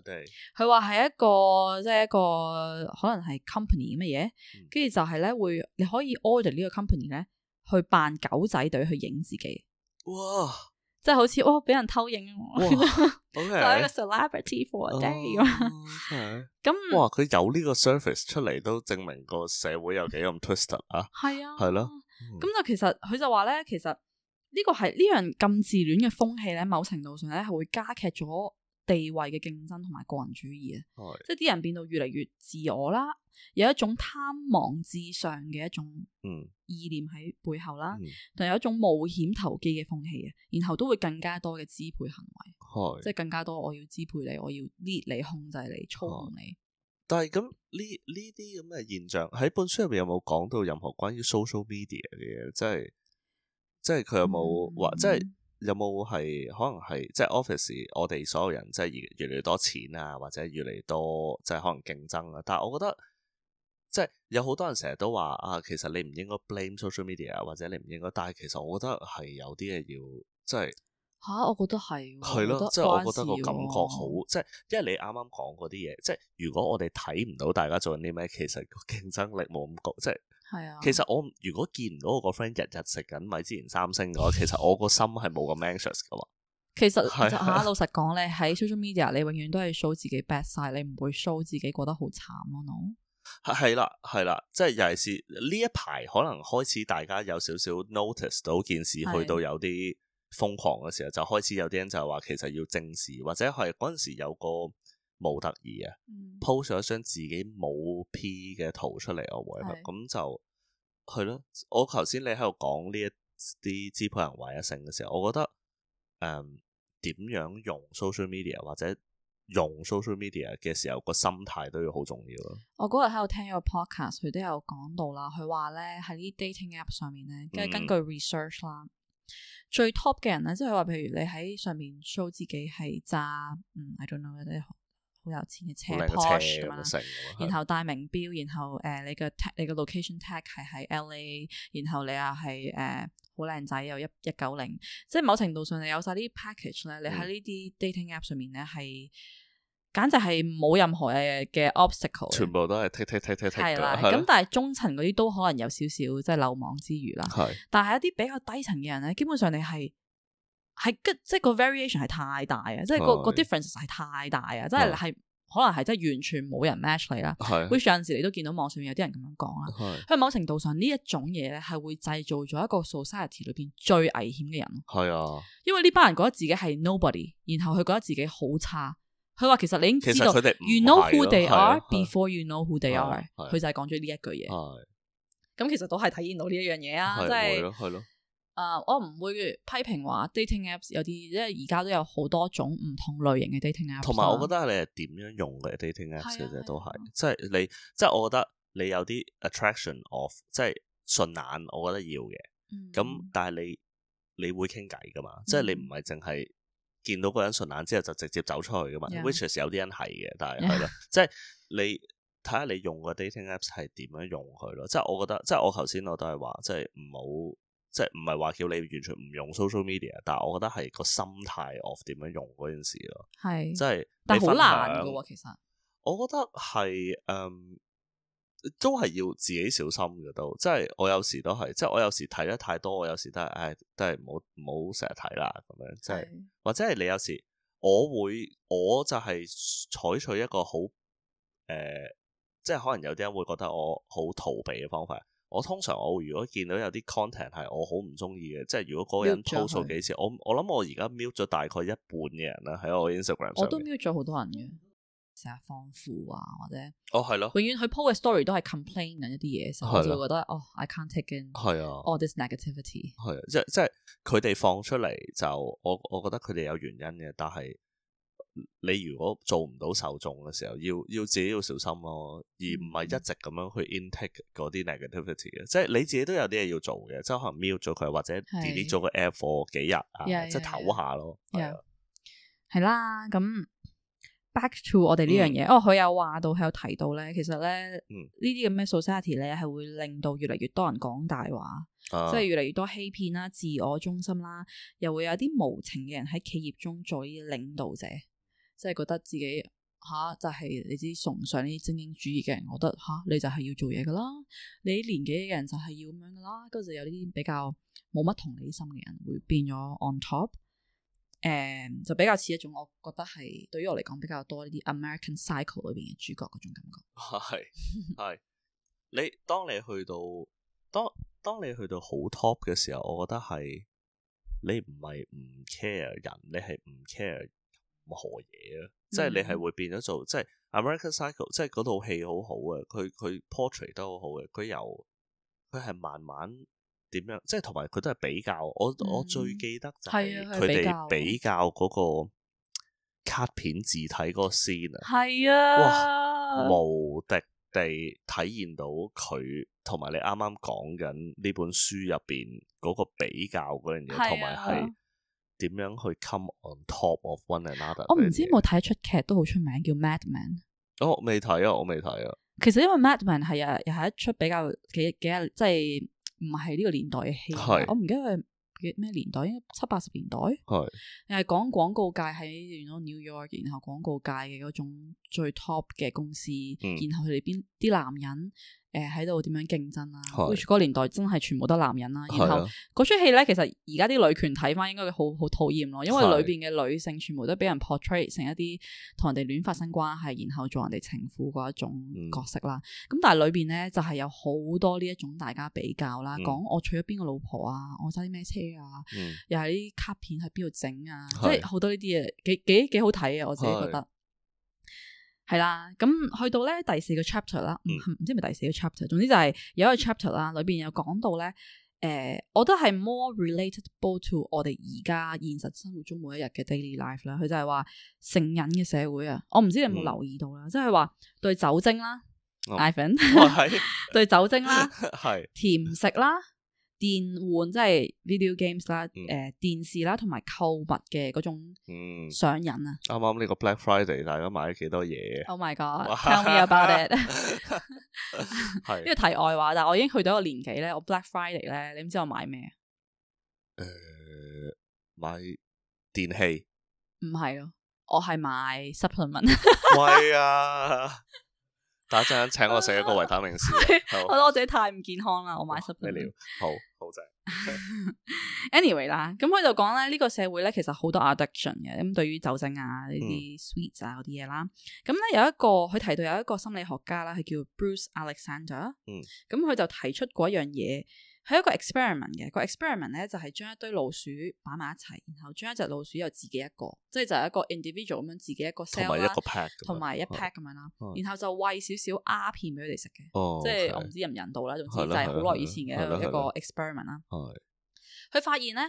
佢話係一個即係、就是、一個可能係 company 乜嘢，跟住、嗯、就係咧會你可以 order 個呢個 company 咧去扮狗仔隊去影自己。哇！即係好似哇，俾、哦、人偷影我，做一個 celebrity for a day 咁。哇，佢有呢個 service 出嚟，都證明個社會有幾咁 twisted 啊。係啊，係咯了。咁、嗯、就其實佢就話咧，其實個呢個係呢樣咁自戀嘅風氣咧，某程度上咧係會加劇咗地位嘅競爭同埋個人主義啊，是即係啲人變到越嚟越自我啦，有一種貪婪至上嘅一種意念喺背後啦，同、嗯、有一種冒險投機嘅風氣啊，然後都會更加多嘅支配行為，是即係更加多我要支配你，我要搣你，控制你，操控你。但係咁呢呢啲咁嘅現象喺本書入面有冇講到任何關於 social media 嘅嘢？即係即係佢有冇話即係？嗯有冇係可能係即係 office？我哋所有人即係越越嚟越多錢啊，或者越嚟越多即係可能競爭啊。但係我覺得即係有好多人成日都話啊，其實你唔應該 blame social media，或者你唔應該。但係其實我覺得係有啲嘢要即係吓、啊，我覺得係係咯，即係的我覺得，我覺得個感覺好即係，因為你啱啱講嗰啲嘢，即係如果我哋睇唔到大家做緊啲咩，其實個競爭力冇咁高，即係。係啊，其實我如果見唔到我個 friend 日日食緊米芝蓮三星嘅話，其實我個心係冇咁 anxious 嘛。其實吓、就是、 老實講咧，喺 social media 你永遠都係 show 自己 best 晒，你唔會 show 自己覺得好慘咯。係係啦係啦，即係尤其是呢一排可能開始大家有少少 notice 到件事了去到有啲瘋狂嘅時候，就開始有啲人就係話其實要正視，或者係嗰陣時有個。冇得意啊，po 上一張自己冇 P 嘅圖出嚟，我會咁是就係咯。我頭先你喺度講呢一啲支配人唯一性嘅時候，我覺得誒點、嗯、樣用 social media 或者用 social media 嘅時候個心態都要好重要咯。我嗰日喺度聽個 podcast，佢都有講到啦。佢話咧喺啲 dating app 上面咧，跟根據 research 啦、嗯，最 top 嘅人咧，即係話譬如你喺上面 show 自己係揸嗯，I don't know，有錢嘅車 posh 咁啦，樣然後戴名錶，的然後誒、uh, 你嘅、uh, 你嘅 location tag 係喺 LA，然後你又係誒好靚仔又一一九零，uh, 0, 即係某程度上你有晒啲 package 咧，你喺呢啲 dating app 上面咧係簡直係冇任何嘅嘅 obstacle，全部都係 tick tick tick tick。係啦，咁但係中層嗰啲都可能有少少即係漏網之魚啦。係的，但係一啲比較低層嘅人咧，基本上你係。係即係個 variation 係太大啊，即係個個 difference 係太大啊，即係係可能係真係完全冇人 match 你啦。係有陣時你都見到網上面有啲人咁樣講啊。係，喺某程度上呢一種嘢咧係會製造咗一個 society 裏邊最危險嘅人。係啊，因為呢班人覺得自己係 nobody，然後佢覺得自己好差。佢話其實你已經知道，you know who they are before you know who they are。佢就係講咗呢一句嘢。咁其實都係體現到呢一樣嘢啊，即係係咯。啊！Uh, 我唔會批評話 dating apps 有啲，因為而家都有好多種唔同類型嘅 dating apps。同埋我覺得你係點樣用嘅 dating apps 其實、啊，都係即係你，即、就、係、是、我覺得你有啲 attraction of，即係順眼，我覺得要嘅。咁、嗯、但係你你會傾偈噶嘛？即係、嗯、你唔係淨係見到個人順眼之後就直接走出去噶嘛、啊、？Which is 有啲人係嘅，但係係咯，即係、啊就是、你睇下你用嘅 dating apps 係點樣用佢咯？即、就、係、是、我覺得，即、就、係、是、我頭先我都係話，即係唔好。即係唔係話叫你完全唔用 social media，但係我覺得係個心態，of 點樣用嗰件事咯，係是即係。但係好難噶、啊，其實我覺得係，嗯、um,，都係要自己小心嘅。都即係我有時都係，即係我有時睇得太多，我有時都係，誒、哎，都係唔好唔好成日睇啦。咁樣即係是或者係你有時我，我會我就係採取一個好誒、呃，即係可能有啲人會覺得我好逃避嘅方法。我通常我如果見到有啲 content 係我好唔中意嘅，即係如果嗰個人 post 咗幾次，我我諗我而家 mute 咗大概一半嘅人啦，喺我 Instagram 我都 mute 咗好多人嘅，成日放負啊，或者哦，係咯，永遠佢 po 嘅 story 都係 complain 緊一啲嘢，我就覺得的哦 I can't take in 係啊，all this negativity 係啊，即即係佢哋放出嚟就我我覺得佢哋有原因嘅，但係。你如果做唔到受眾嘅時候，要要自己要小心咯、啊，而唔係一直咁樣去 intake 嗰啲 negativity 嘅，嗯、即係你自己都有啲嘢要做嘅，即係可能 mute 咗佢或者 delete 咗個 air for 幾日，的啊、即係唞下咯，係啦的。咁 back to、嗯、我哋呢樣嘢，哦，佢有話到，佢有提到咧，其實咧呢啲咁嘅 society 咧係會令到越嚟越多人講大話，即係、啊、越嚟越多欺騙啦、自我中心啦，又會有啲無情嘅人喺企業中做呢啲領導者。即係覺得自己吓、啊，就係、是、你知崇尚呢啲精英主義嘅人，我覺得吓、啊，你就係要做嘢㗎啦，你年紀嘅人就係要咁樣㗎啦。跟住有呢啲比較冇乜同理心嘅人，會變咗 on top，誒、嗯、就比較似一種我覺得係對於我嚟講比較多呢啲 American Psycho 裏邊嘅主角嗰種感覺。係係， 你當你去到，當當你去到好 top 嘅時候，我覺得係你唔係唔 care 人，你係唔 care。何嘢啊？嗯、即係你係會變咗做，即係 American Psycho，即係嗰套戲好好嘅，佢佢 portrait 都好好嘅，佢由佢係慢慢點樣，即係同埋佢都係比較。嗯、我我最記得就係佢哋比較嗰個卡片字體嗰個 scene, s c 啊，係啊，哇，無敵地體現到佢同埋你啱啱講緊呢本書入邊嗰個比較嗰樣嘢，同埋係。點樣去 come on top of one another？我唔知有冇睇一出劇都好出名，叫 Mad Men。我未睇啊，我未睇啊。其實因為 Mad Men 係又又、啊、係一出比較幾幾啊，即係唔係呢個年代嘅戲。是我唔記得佢咩年代，應該七八十年代。係又係講廣告界喺完咗 New York，然後廣告界嘅嗰種最 top 嘅公司，嗯、然後佢哋邊啲男人。誒，喺度點樣競爭啊？跟住嗰個年代真係全部都係男人啦、啊。然後嗰出戲咧，其實而家啲女權睇翻應該好好討厭咯，因為裏邊嘅女性全部都係俾人 portray 成一啲同人哋亂發生關係，然後做人哋情婦嘅一種角色啦。咁、嗯、但係裏邊咧，就係、是，有好多呢一種大家比較啦，講、嗯、我娶咗邊個老婆啊，我揸啲咩車啊，嗯、又喺啲卡片喺邊度整啊，即係好多呢啲嘢，幾幾幾好睇啊！我自己覺得。嗯係啦，咁去到咧第四個 chapter 啦，唔、嗯、知係咪第四個 chapter，總之就係有一個 chapter 啦，裏邊有講到咧，誒、呃，我都係 more related to 我哋而家現實生活中每一日嘅 daily life 啦。佢就係話，成癮嘅社會啊，我唔知你有冇留意到啦，即係話對酒精啦 i 粉，a 對酒精啦，係甜食啦。電玩即係 video games 啦，誒電視啦，同埋購物嘅嗰種上癮啊！啱啱呢個 Black Friday 大家買咗幾多嘢？Oh my god！Tell me about it。呢個題外話，但係我已經去到一個年紀咧，我 Black Friday 咧，你唔知我買咩？誒，買電器？唔係咯，我係買 supplement。係啊。打一陣，請我食一個維他命 C。我覺得我自己太唔健康啦，我買濕。你、 anyway, 了，好好正。Anyway 啦，咁佢就講咧，呢個社會咧，其實好多 addiction 嘅，咁對於酒精啊呢啲 sweet 啊嗰啲嘢啦，咁咧有一個佢提到有一個心理學家啦，佢叫 Bruce Alexander，嗯，咁佢就提出過一樣嘢。佢一個 experiment 嘅、個 experiment 咧，就係將一堆老鼠擺埋一齊，然後將一隻老鼠又自己一個，即係就係一個 individual 咁樣自己一個 cell 啦，同埋一個 pack，同埋一 pack 咁樣啦。然後就喂少少鴉片俾佢哋食嘅，即係我唔知人唔人道啦，總之就係好耐以前嘅一個 experiment 啦。佢發現咧，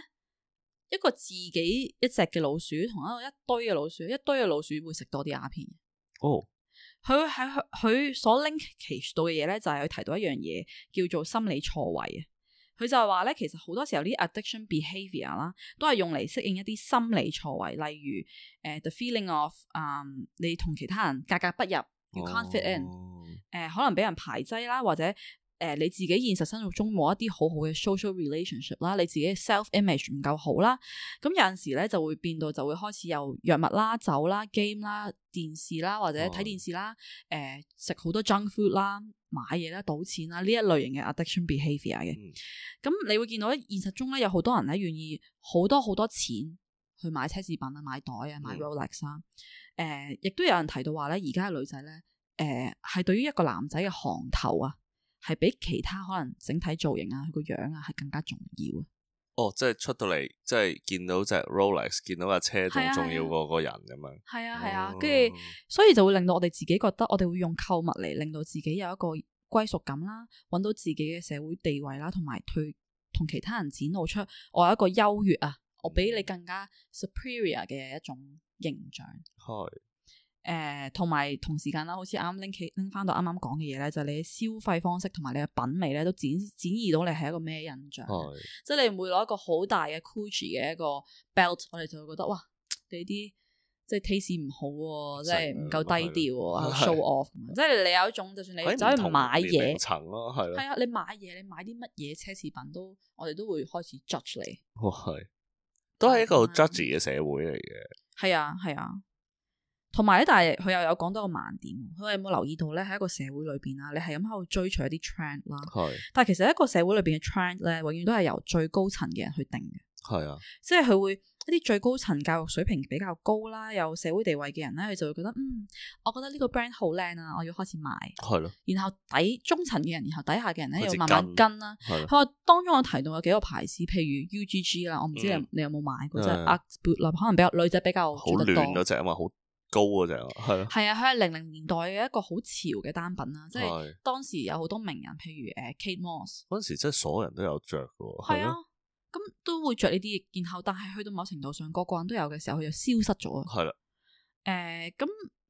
一個自己一隻嘅老鼠同一個一堆嘅老鼠，一堆嘅老鼠會食多啲鴉片。哦，佢喺佢所 link 到嘅嘢咧，就係佢提到一樣嘢，叫做心理錯位啊。佢就係話咧，其實好多時候啲 addiction behavior 啦，都係用嚟適應一啲心理錯位，例如誒、uh, the feeling of 誒、um, 你同其他人格格不入，you can't fit in，誒、哦呃、可能俾人排擠啦，或者。誒、呃、你自己現實生活中冇一啲好好嘅 social relationship 啦，你自己 self image 唔夠好啦，咁有陣時咧就會變到就會開始有藥物啦、酒啦、game 啦、電視啦或者睇電視啦，誒食好多 junk food 啦、買嘢啦、賭錢啦呢一類型嘅 addiction behavior 嘅。咁、mm. 嗯、你會見到喺現實中咧有好多人咧願意好多好多錢去買奢侈品啊、買袋啊、買 Rolex 啦，誒亦都有人提到話咧而家嘅女仔咧誒係對於一個男仔嘅行頭啊～係比其他可能整體造型啊，佢個樣啊，係更加重要。啊。哦，即係出到嚟，即係見到隻 Rolex，見到架車仲，啊、重要過個人咁樣。係啊，係啊，跟住，哦、所以就會令到我哋自己覺得，我哋會用購物嚟令到自己有一個歸屬感啦，搵到自己嘅社會地位啦，同埋去同其他人展露出我有一個優越啊，嗯、我比你更加 superior 嘅一種形象。係。誒，同埋同時間啦，好似啱啱拎起拎翻到啱啱講嘅嘢咧，就你嘅消費方式同埋你嘅品味咧，都展展現到你係一個咩印象？即係你唔會攞一個好大嘅 Gucci 嘅一個 belt，我哋就會覺得哇，你啲即係 taste 唔好，即係唔夠低調，show off。即係你有一種，就算你走去買嘢層咯，係係啊，你買嘢，你買啲乜嘢奢侈品都，我哋都會開始 judge 你。係，都係一個 judge 嘅社會嚟嘅。係啊，係啊。同埋咧，但係佢又有講到個盲點。佢話有冇留意到咧？喺一個社會裏邊啊，你係咁喺度追隨一啲 trend 啦。係是的。但係其實一個社會裏邊嘅 trend 咧，永遠都係由最高層嘅人去定嘅。係啊是的。即係佢會一啲最高層教育水平比較高啦，有社會地位嘅人咧，佢就會覺得嗯，我覺得呢個 brand 好靚啊，我要開始買。係咯。然後底中層嘅人，然後底下嘅人咧，要慢慢跟啦、啊。佢話是的 當中我提到有幾個牌子，譬如 UGG 啦，我唔知你有冇買嗰隻 a x 可能比較女仔比較好暖隻啊嘛，好。高嗰隻咯，係咯，係啊，佢係零零年代嘅一個好潮嘅單品啦，的即係當時有好多名人，譬如誒、呃、Kate Moss 嗰陣時，即係所有人都有着嘅喎，係啊的，咁的都會着呢啲，然後但係去到某程度上，個個人都有嘅時候，佢就消失咗啊，係啦的，誒、呃，咁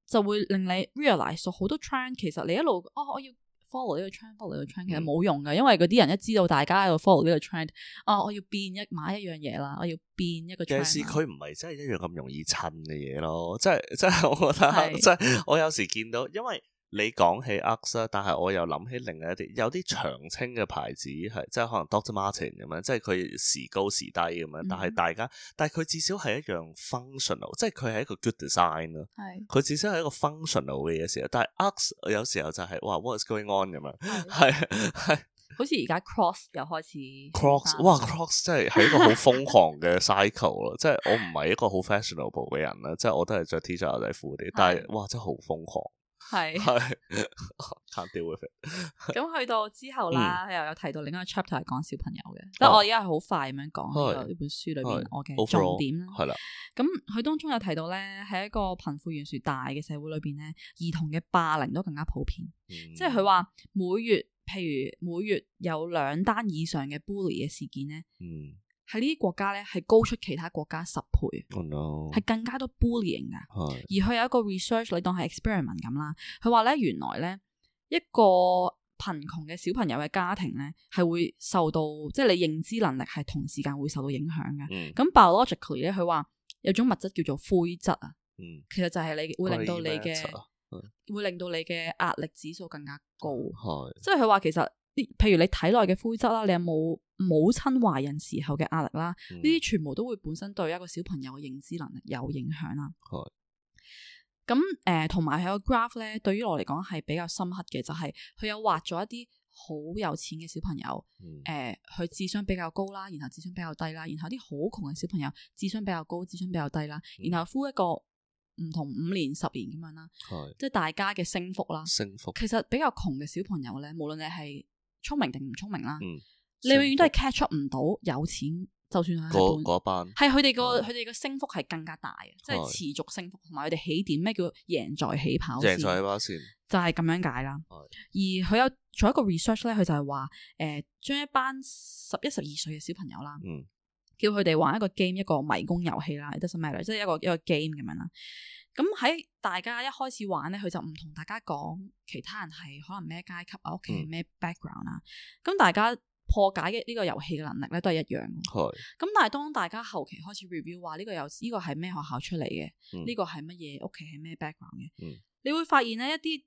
就會令你 realize 好多 trend 其實你一路哦，我要。follow 呢個 trend，follow 呢個 trend，其實冇用嘅，因為嗰啲人一知道大家喺度 follow 呢個 trend，啊，我要變一買一樣嘢啦，我要變一個，trend。即係，佢唔係真係一樣咁容易襯嘅嘢咯，即係即係我覺得，即係是我有時見到，因為。你講起 OX，但係我又諗起另外一啲有啲長青嘅牌子，係即係可能 Dr. Martin 咁樣，即係佢時高時低咁樣。但係大家，但係佢至少係一樣 functional，即係佢係一個 good design 咯是。佢至少係一個 functional 嘅嘢時候。但係 OX 有時候就係、是、話 what is going on 咁樣，係係是。好似而家 Cross 又開始，Cross 哇，Cross 真係係一個好瘋狂嘅 cycle 咯。即係我唔係一個好 fashionable 嘅人啦，即、就、係、是、我都係着 T 恤牛仔褲啲，但係哇真係好瘋狂。係，can't deal with it。咁去到之後啦，嗯、又有提到另一個 chapter 係講小朋友嘅，但係、啊、我而家係好快咁樣講呢本書裏邊我嘅重點係啦，咁佢、哎、當中有提到咧，喺一個貧富懸殊大嘅社會裏邊咧，兒童嘅霸凌都更加普遍。嗯、即係佢話每月，譬如每月有兩單以上嘅 bully 嘅事件咧。嗯喺呢啲國家咧，係高出其他國家十倍，係、oh、no. 更加多 bullying 噶。是而佢有一個 research，你當係 experiment 咁啦。佢話咧，原來咧一個貧窮嘅小朋友嘅家庭咧，係會受到即係、就是、你認知能力係同時間會受到影響嘅。咁 biologically 咧，佢話有種物質叫做灰質啊，mm. 其實就係你會令到你嘅 會令到你嘅壓力指數更加高。係、mm. 是，即係佢話其實。譬如你體內嘅灰質啦，你有冇母親懷孕時候嘅壓力啦？呢啲，嗯、全部都會本身對一個小朋友嘅認知能力有影響啦。係、嗯。咁誒，同埋喺個 graph 咧，對於我嚟講係比較深刻嘅，就係、是、佢有畫咗一啲好有錢嘅小朋友，誒、嗯，佢、呃、智商比較高啦，然後智商比較低啦，然後啲好窮嘅小朋友智商比較高，智商比較低啦，然後敷一個唔同五年、十年咁樣啦，係、嗯，即係、嗯、大家嘅升幅啦，升幅負。其實比較窮嘅小朋友咧，無論你係。聰明定唔聰明啦？嗯、你永遠都係 catch up 唔到有錢，那就算係本嗰班，係佢哋個佢哋個升幅係更加大嘅，的即係持續升幅，同埋佢哋起點咩叫贏在起跑線？跑線就係咁樣解啦。的而佢有做一個 research 咧，佢就係話誒，將、呃、一班十一十二歲嘅小朋友啦。的叫佢哋玩一個 game，一個迷宮遊戲啦 t h 即係一個一個 game 咁樣啦。咁喺大家一開始玩咧，佢就唔同大家講其他人係可能咩階級啊，屋企係咩 background 啦。咁大家破解嘅呢個遊戲嘅能力咧，都係一樣。係是。咁但係當大家後期開始 review 話呢個遊呢、呢個係咩學校出嚟嘅，呢、嗯、個係乜嘢屋企係咩 background 嘅，嗯、你會發現咧一啲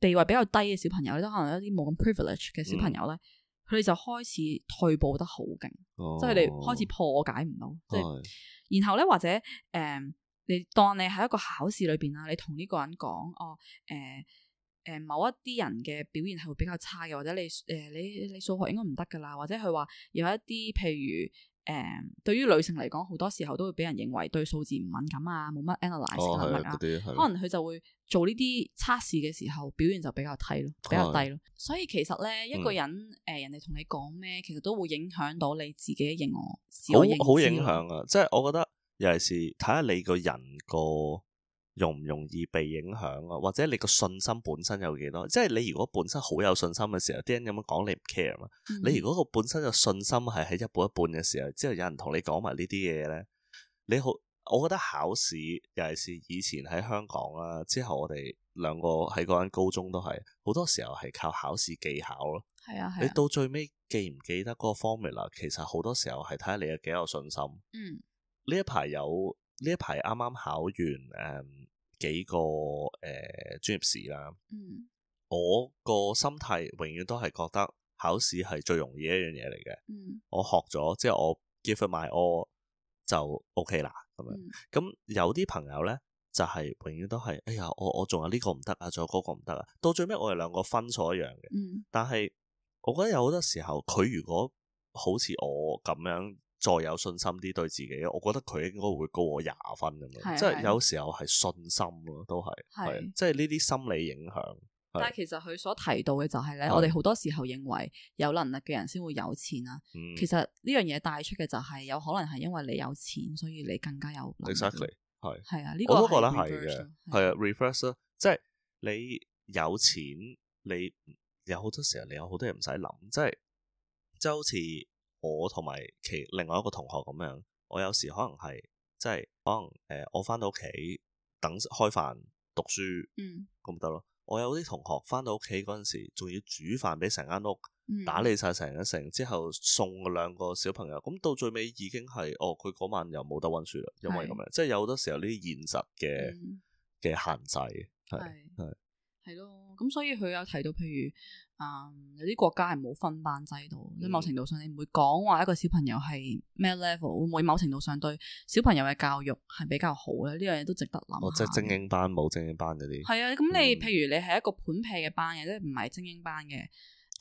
地位比較低嘅小朋友，都可能一啲冇咁 privilege 嘅小朋友咧。嗯佢哋就開始退步得好勁，即係佢哋開始破解唔到。即係、oh. 即係、然後咧，或者誒、呃，你當你喺一個考試裏邊啊，你同呢個人講哦，誒、呃、誒、呃，某一啲人嘅表現係會比較差嘅，或者你誒、呃、你你數學應該唔得㗎喇，或者佢話有一啲譬如。誒、嗯，對於女性嚟講，好多時候都會俾人認為對數字唔敏感啊，冇乜 analyse 能力啊，哦、可能佢就會做呢啲測試嘅時候表現就比較低咯，比較低咯。的所以其實咧，一個人誒、嗯呃，人哋同你講咩，其實都會影響到你自己嘅認我自我認知咯。我好，好影響啊！即係我覺得，尤其是睇下你個人個。容唔容易被影響啊？或者你個信心本身有幾多？即係你如果本身好有信心嘅時候，啲、mm hmm. 人咁樣講你唔 care 嘛？你如果個本身嘅信心係喺一半一半嘅時候，之後有人同你講埋呢啲嘢咧，你好，我覺得考試尤其是以前喺香港啦、啊，之後我哋兩個喺嗰間高中都係好多時候係靠考試技巧咯。係啊，係、啊。啊、你到最尾記唔記得嗰個 formula？其實好多時候係睇下你有幾有信心。嗯。呢一排有。呢一排啱啱考完誒、嗯、幾個誒、呃、專業試啦，mm. 我個心態永遠都係覺得考試係最容易一樣嘢嚟嘅。Mm. 我學咗即係我 give my all 就 OK 啦咁樣。咁、mm. 有啲朋友咧就係、是、永遠都係，哎呀我我仲有呢個唔得啊，仲有嗰個唔得啊。到最尾我哋兩個分數一樣嘅，mm. 但係我覺得有好多時候佢如果好似我咁樣。再有信心啲對自己，我覺得佢應該會高我廿分咁咯。即係有時候係信心咯，都係，係即係呢啲心理影響。但係其實佢所提到嘅就係咧，我哋好多時候認為有能力嘅人先會有錢啊。其實呢樣嘢帶出嘅就係有可能係因為你有錢，所以你更加有能力。Exactly，係係啊，呢個我都覺得係嘅。係 reverse 咯，即係你有錢，你有好多時候你有好多嘢唔使諗，即係就好似。我同埋其另外一個同學咁樣，我有時可能係即係可能誒、呃，我翻到屋企等開飯讀書，嗯，咁得咯。我有啲同學翻到屋企嗰陣時，仲要煮飯俾成間屋，打理晒成一成之後，送個兩個小朋友，咁到最尾已經係哦，佢嗰晚又冇得溫書啦，因為咁樣，是即係有好多時候呢啲現實嘅嘅、嗯、限制，係係係咯。是是咁所以佢有提到，譬如，嗯，有啲國家係冇分班制度，即、嗯、某程度上你唔會講話一個小朋友係咩 level，會唔會某程度上對小朋友嘅教育係比較好咧？呢樣嘢都值得諗。即係精英班冇精英班嗰啲。係啊，咁你、嗯、譬如你係一個盤屁嘅班嘅，即係唔係精英班嘅。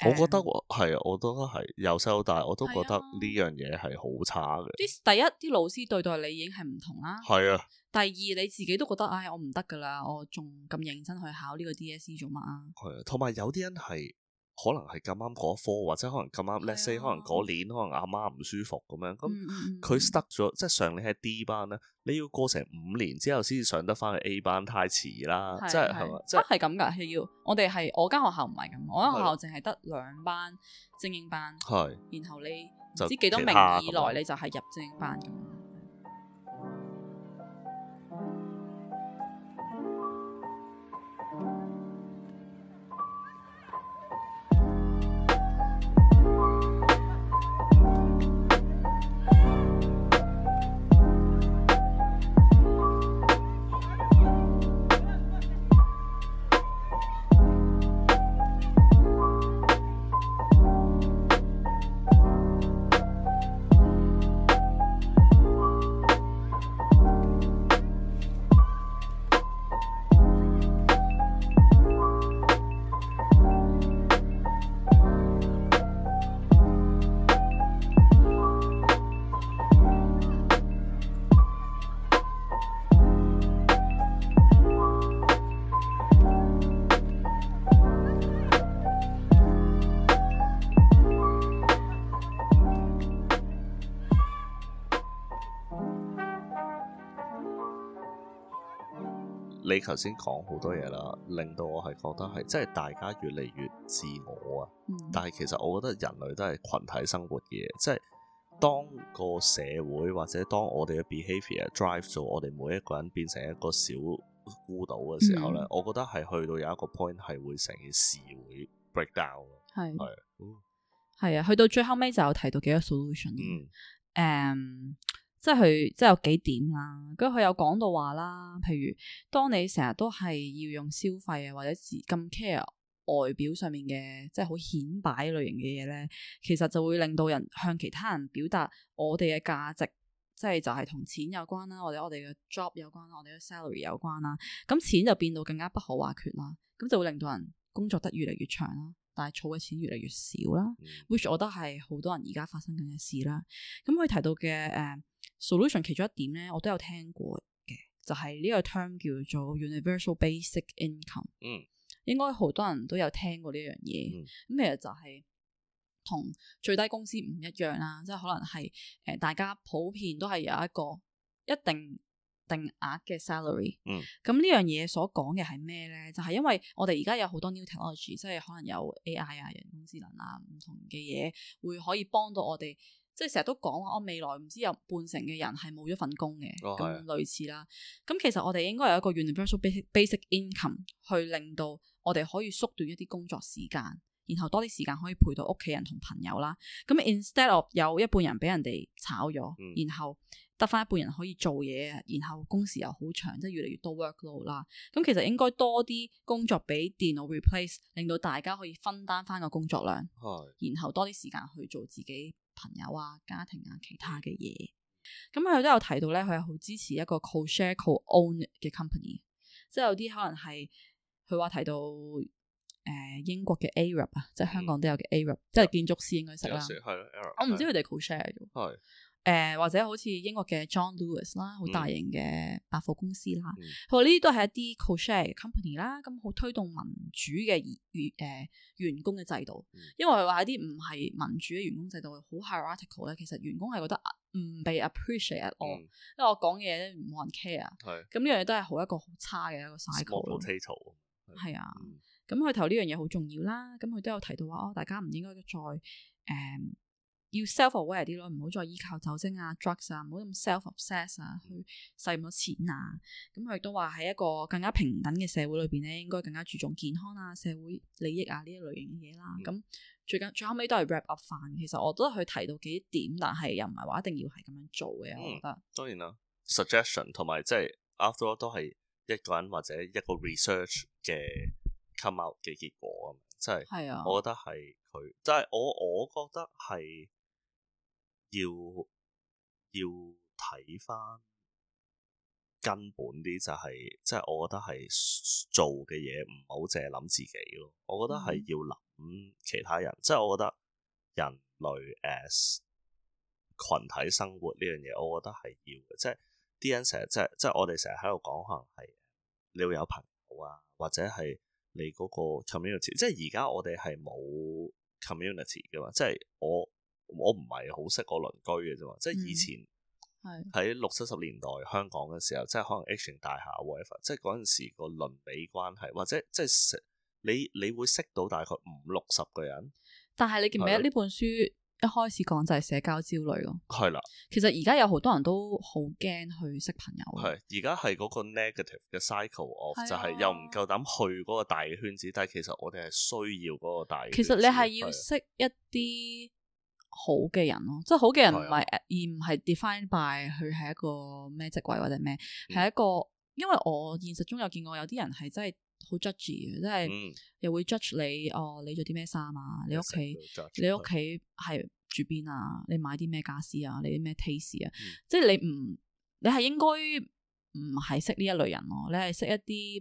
我覺得係啊，我都係由細到大我都覺得呢樣嘢係好差嘅。第一啲老師對待你已經係唔同啦。係啊。第二你自己都覺得，唉，我唔得噶啦，我仲咁認真去考呢個 DSE 做乜啊？係啊，同埋有啲人係。可能係咁啱嗰科，或者剛剛、哎、可能咁啱，let's say 可能嗰年可能阿媽唔舒服咁樣，咁佢塞咗，嗯 stuck 嗯、即係上年係 D 班咧，你要過成五年之後先至上得翻去 A 班，太遲啦，即係即係係咁噶，係要、就是、我哋係我間學校唔係咁，我間學校淨係得兩班精英班，係，然後你唔知幾多名以來你就係入精英班咁。你頭先講好多嘢啦，令到我係覺得係，即係大家越嚟越自我啊。嗯、但係其實我覺得人類都係群體生活嘅，即係當個社會或者當我哋嘅 behavior drive 咗我哋每一個人變成一個小孤島嘅時候咧，嗯、我覺得係去到有一個 point 係會成件事會 break down 咯。係係係啊，去到最後尾就有提到幾多 solution。嗯，嗯。Um, 即係佢即係有幾點啦、啊，跟住佢有講到話啦，譬如當你成日都係要用消費啊，或者係咁 care 外表上面嘅，即係好顯擺類型嘅嘢咧，其實就會令到人向其他人表達我哋嘅價值，即係就係同錢有關啦、啊，或者我哋嘅 job 有關啦、啊，我哋嘅 salary 有關啦、啊，咁錢就變到更加不可或缺啦，咁就會令到人工作得越嚟越長啦、啊，但係儲嘅錢越嚟越少啦、啊嗯、，which 我覺得係好多人而家發生緊嘅事啦、啊，咁佢提到嘅誒。呃 solution 其中一點咧，我都有聽過嘅，就係、是、呢個 term 叫做 universal basic income。嗯、mm.，應該好多人都有聽過呢樣嘢。咁其實就係同最低工資唔一樣啦、啊，即、就、係、是、可能係誒、呃、大家普遍都係有一個一定定額嘅 salary。嗯，咁呢樣嘢所講嘅係咩咧？就係、是、因為我哋而家有好多 new technology，即係可能有 AI 啊、人工智能啊唔同嘅嘢，會可以幫到我哋。即係成日都講，我未來唔知有半成嘅人係冇咗份工嘅，咁、哦、類似啦。咁、哦、其實我哋應該有一個 universal basic, basic income 去令到我哋可以縮短一啲工作時間，然後多啲時間可以陪到屋企人同朋友啦。咁 instead of 有一半人俾人哋炒咗，嗯、然後得翻一半人可以做嘢，然後工時又好長，即係越嚟越多 workload 啦。咁其實應該多啲工作俾電腦 replace，令到大家可以分擔翻個工作量，哦、然後多啲時間去做自己。朋友啊、家庭啊、其他嘅嘢，咁佢都有提到咧，佢係好支持一個 co-share c co o o w n 嘅 company，即係有啲可能係佢話提到，誒、呃、英國嘅 a r a b 啊，即係香港都有嘅 a r a b 即係建築師應該識啦，係咯，我唔知佢哋 co-share。已誒、呃、或者好似英國嘅 John Lewis 啦，好大型嘅百貨公司啦，佢話呢啲都係一啲 co-share company 啦、啊，咁好推動民主嘅員誒工嘅制度，因為話一啲唔係民主嘅員工制度好 hierarchical 咧，ical，其實員工係覺得唔被 appreciate 我、嗯、因為我講嘢咧冇人 care，咁呢樣嘢都係好一個好差嘅一個 cycle 咯。係啊，咁佢頭呢樣嘢好重要啦，咁佢都有提到話哦，大家唔應該再誒。嗯要 self-aware 啲咯，唔好再依靠酒精啊、drugs 啊，唔好咁 self-obsess 啊，去使咁多錢啊。咁佢都話喺一個更加平等嘅社會裏邊咧，應該更加注重健康啊、社會利益啊呢一類型嘅嘢啦。咁最緊最後尾都係 wrap up 飯。其實我都係去提到幾點，但係又唔係話一定要係咁樣做嘅。我覺得當然啦，suggestion 同埋即係 after all 都係一個人或者一個 research 嘅 come out 嘅結果啊。即係，係啊，我覺得係佢，即係我我覺得係。要要睇翻根本啲就係，即係我覺得係做嘅嘢唔好淨係諗自己咯。我覺得係要諗其他人，即係我覺得人類 S 群體生活呢樣嘢，我覺得係要嘅。即係啲人成日即係即係我哋成日喺度講，可能係你會有朋友啊，或者係你嗰個 community。即係而家我哋係冇 community 嘅嘛？即係我。我唔係好識個鄰居嘅啫嘛，即係以前喺、嗯、六七十年代香港嘅時候，即係可能 Action 大廈 Wave，即係嗰陣時個鄰里關係或者即係你你會識到大概五六十個人。但係你記唔記得呢本書一開始講就係社交焦慮咯？係啦的，其實而家有好多人都好驚去識朋友。係而家係嗰個 negative 嘅 cycle of 的就係又唔夠膽去嗰個大圈子，但係其實我哋係需要嗰個大圈子。其實你係要識一啲。好嘅人咯，即係好嘅人唔係、啊，而唔係 defined by 佢係一個咩職位或者咩，係、嗯、一個，因為我現實中有見過有啲人係真係好 judge 嘅，即係又會 judge 你哦，你着啲咩衫啊，你屋企、嗯、你屋企係住邊啊，你買啲咩家私啊，你啲咩 taste 啊，嗯、即係你唔你係應該唔係識呢一類人咯、啊，你係識一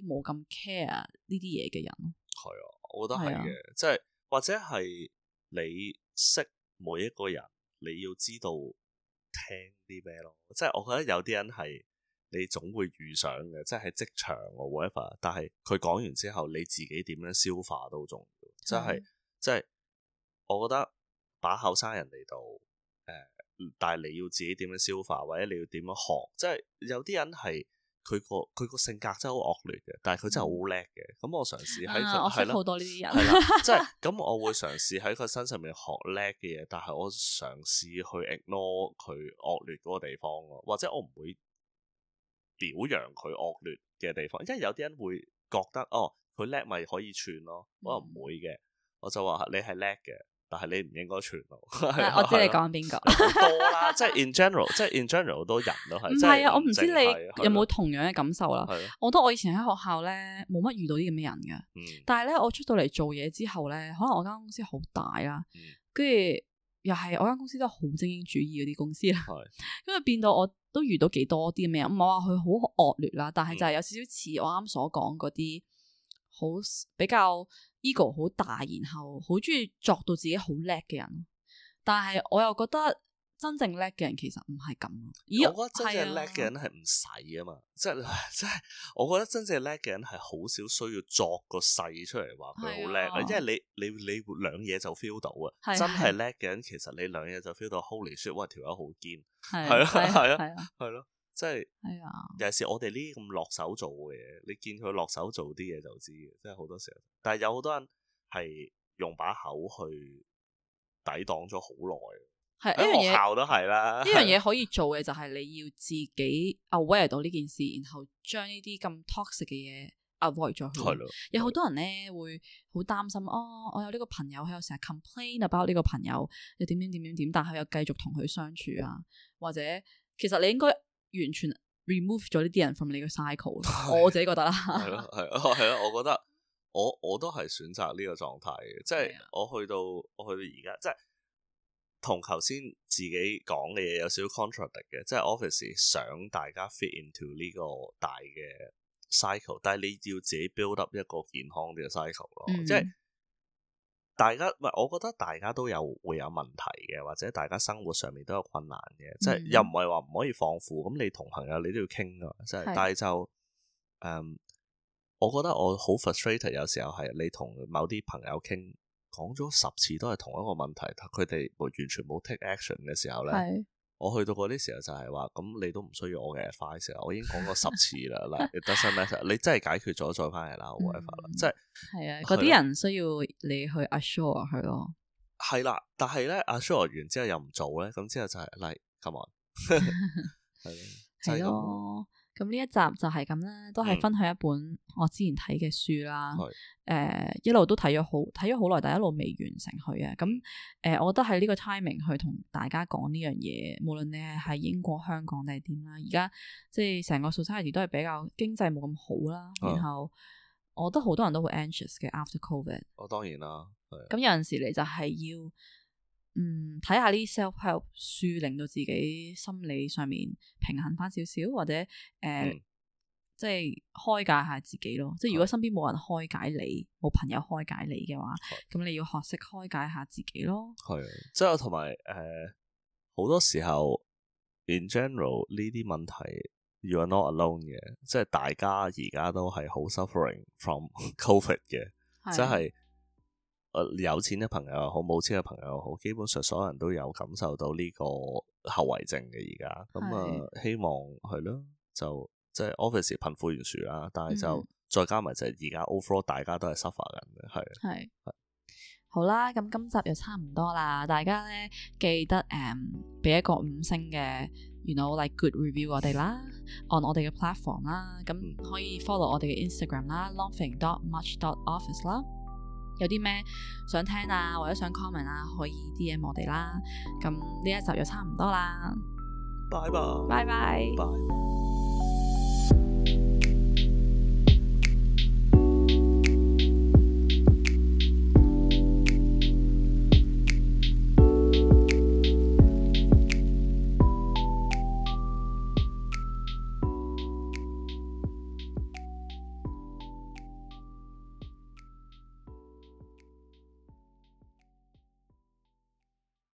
啲冇咁 care 呢啲嘢嘅人咯。係啊，我覺得係嘅，即係、啊、或者係你識。每一個人你要知道聽啲咩咯，即係我覺得有啲人係你總會遇上嘅，即係喺職場 whatever，但係佢講完之後你自己點樣消化都好重要，即係即係我覺得把後生人嚟到，誒、呃，但係你要自己點樣消化，或者你要點樣學，即係有啲人係。佢個佢個性格真係好惡劣嘅，但係佢真係好叻嘅。咁、嗯、我嘗試喺佢係咯，即係咁我會嘗試喺佢身上面學叻嘅嘢，但係我嘗試去 ignore 佢惡劣嗰個地方咯，或者我唔會表揚佢惡劣嘅地方，因為有啲人會覺得哦佢叻咪可以串咯，嗯、我唔會嘅，我就話你係叻嘅。但係你唔應該全部。我知你講緊邊個，即係 in general，即係 in general 好多人都係。唔係啊，我唔知你有冇同樣嘅感受啦。我覺得我以前喺學校咧，冇乜遇到啲咁嘅人嘅。但係咧，我出到嚟做嘢之後咧，可能我間公司好大啦。跟住又係我間公司都係好精英主義嗰啲公司啦。係。咁就變到我都遇到幾多啲咩嘅人，唔係話佢好惡劣啦，但係就係有少少似我啱所講嗰啲，好比較。ego 好大，然後好中意作到自己好叻嘅人，但係我又覺得真正叻嘅人其實唔係咁。咦，我覺得真正叻嘅人係唔使啊嘛，即係即係，我覺得真正叻嘅人係好少需要作個勢出嚟話佢好叻啊，因為你你你兩嘢就 feel 到啊，是的 真係叻嘅人是的 其實你兩嘢就 feel 到，Holy shit，哇條友好堅，係啊係啊係咯。即係，哎、呦尤其是我哋呢啲咁落手做嘅嘢，你見佢落手做啲嘢就知嘅。即係好多時候，但係有好多人係用把口去抵擋咗好耐。係呢樣嘢，校都係啦。呢樣嘢可以做嘅就係你要自己 aware 到呢件事，的然後將呢啲咁 toxic 嘅嘢 avoid 咗佢。係咯的，有好多人咧的會好擔心哦，我有呢個朋友喺度成日 complain about 呢個朋友，又點點點點點，但係又繼續同佢相處啊。或者，其實你應該。完全 remove 咗呢啲人 from 你個 cycle，的我自己覺得啦，係咯係咯，我覺得我我都係選擇呢個狀態嘅，即係的我去到我去到而家，即係同頭先自己講嘅嘢有少少 contract 嘅，即係 office 想大家 fit into 呢個大嘅 cycle，但係你要自己 build up 一個健康嘅 cycle 咯，即係、嗯。就是大家唔係，我覺得大家都有會有問題嘅，或者大家生活上面都有困難嘅，即係、嗯就是、又唔係話唔可以放負。咁你同朋友你都要傾㗎，即、就、係、是，是的 但係就誒，um, 我覺得我好 frustrated 有時候係你同某啲朋友傾講咗十次都係同一個問題，佢哋完全冇 take action 嘅時候咧。我去到嗰啲時候就係話，咁你都唔需要我嘅 advice 時候，我已經講過十次啦。嗱， 你得你真係解決咗再翻嚟啦，我冇 if 啦，即係。係啊，嗰啲人需要你去 assure 佢咯。係啦，但係咧 assure 完之後又唔做咧，咁之後就係、是、嚟 come on，係 咯， 係、就、咯、是 哦。咁呢一集就係咁啦，都係分享一本我之前睇嘅書啦。誒、嗯呃，一路都睇咗好睇咗好耐，但一路未完成佢嘅咁誒，我覺得喺呢個 timing 去同大家講呢樣嘢，無論你係喺英國、香港定係點啦。而家即係成個 society 都係比較經濟冇咁好啦。然後，啊、我覺得好多人都好 anxious 嘅。After COVID，我、啊、當然啦。咁、嗯、有陣時你就係要。嗯，睇下呢 self-help 書，help，令到自己心理上面平衡翻少少，或者誒，呃嗯、即係開解下自己咯。即係如果身邊冇人開解你，冇、嗯、朋友開解你嘅話，咁、嗯、你要學識開解下自己咯。係，即係同埋誒，好、呃、多時候 in general 呢啲問題，you are not alone 嘅，即係大家而家都係好 suffering from covid 嘅，即係的。就是有錢嘅朋友又好，冇錢嘅朋友又好，基本上所有人都有感受到呢個後遺症嘅。而家咁啊，希望係咯，就即係 office 貧富懸殊啦。但係就、嗯、哼再加埋就係而家 overall 大家都係 suffer 緊嘅，係係是是好啦。咁今集又差唔多啦，大家咧記得誒俾、嗯、一個五星嘅，you know like good review 我哋啦，on 我哋嘅 platform 啦。咁可以 follow 我哋嘅 Instagram 啦，longfing dot much dot office 啦。嗯 l or. 有啲咩想聽啊，或者想 comment 啊，可以 DM 我哋啦。咁呢一集就差唔多啦，拜拜，拜拜。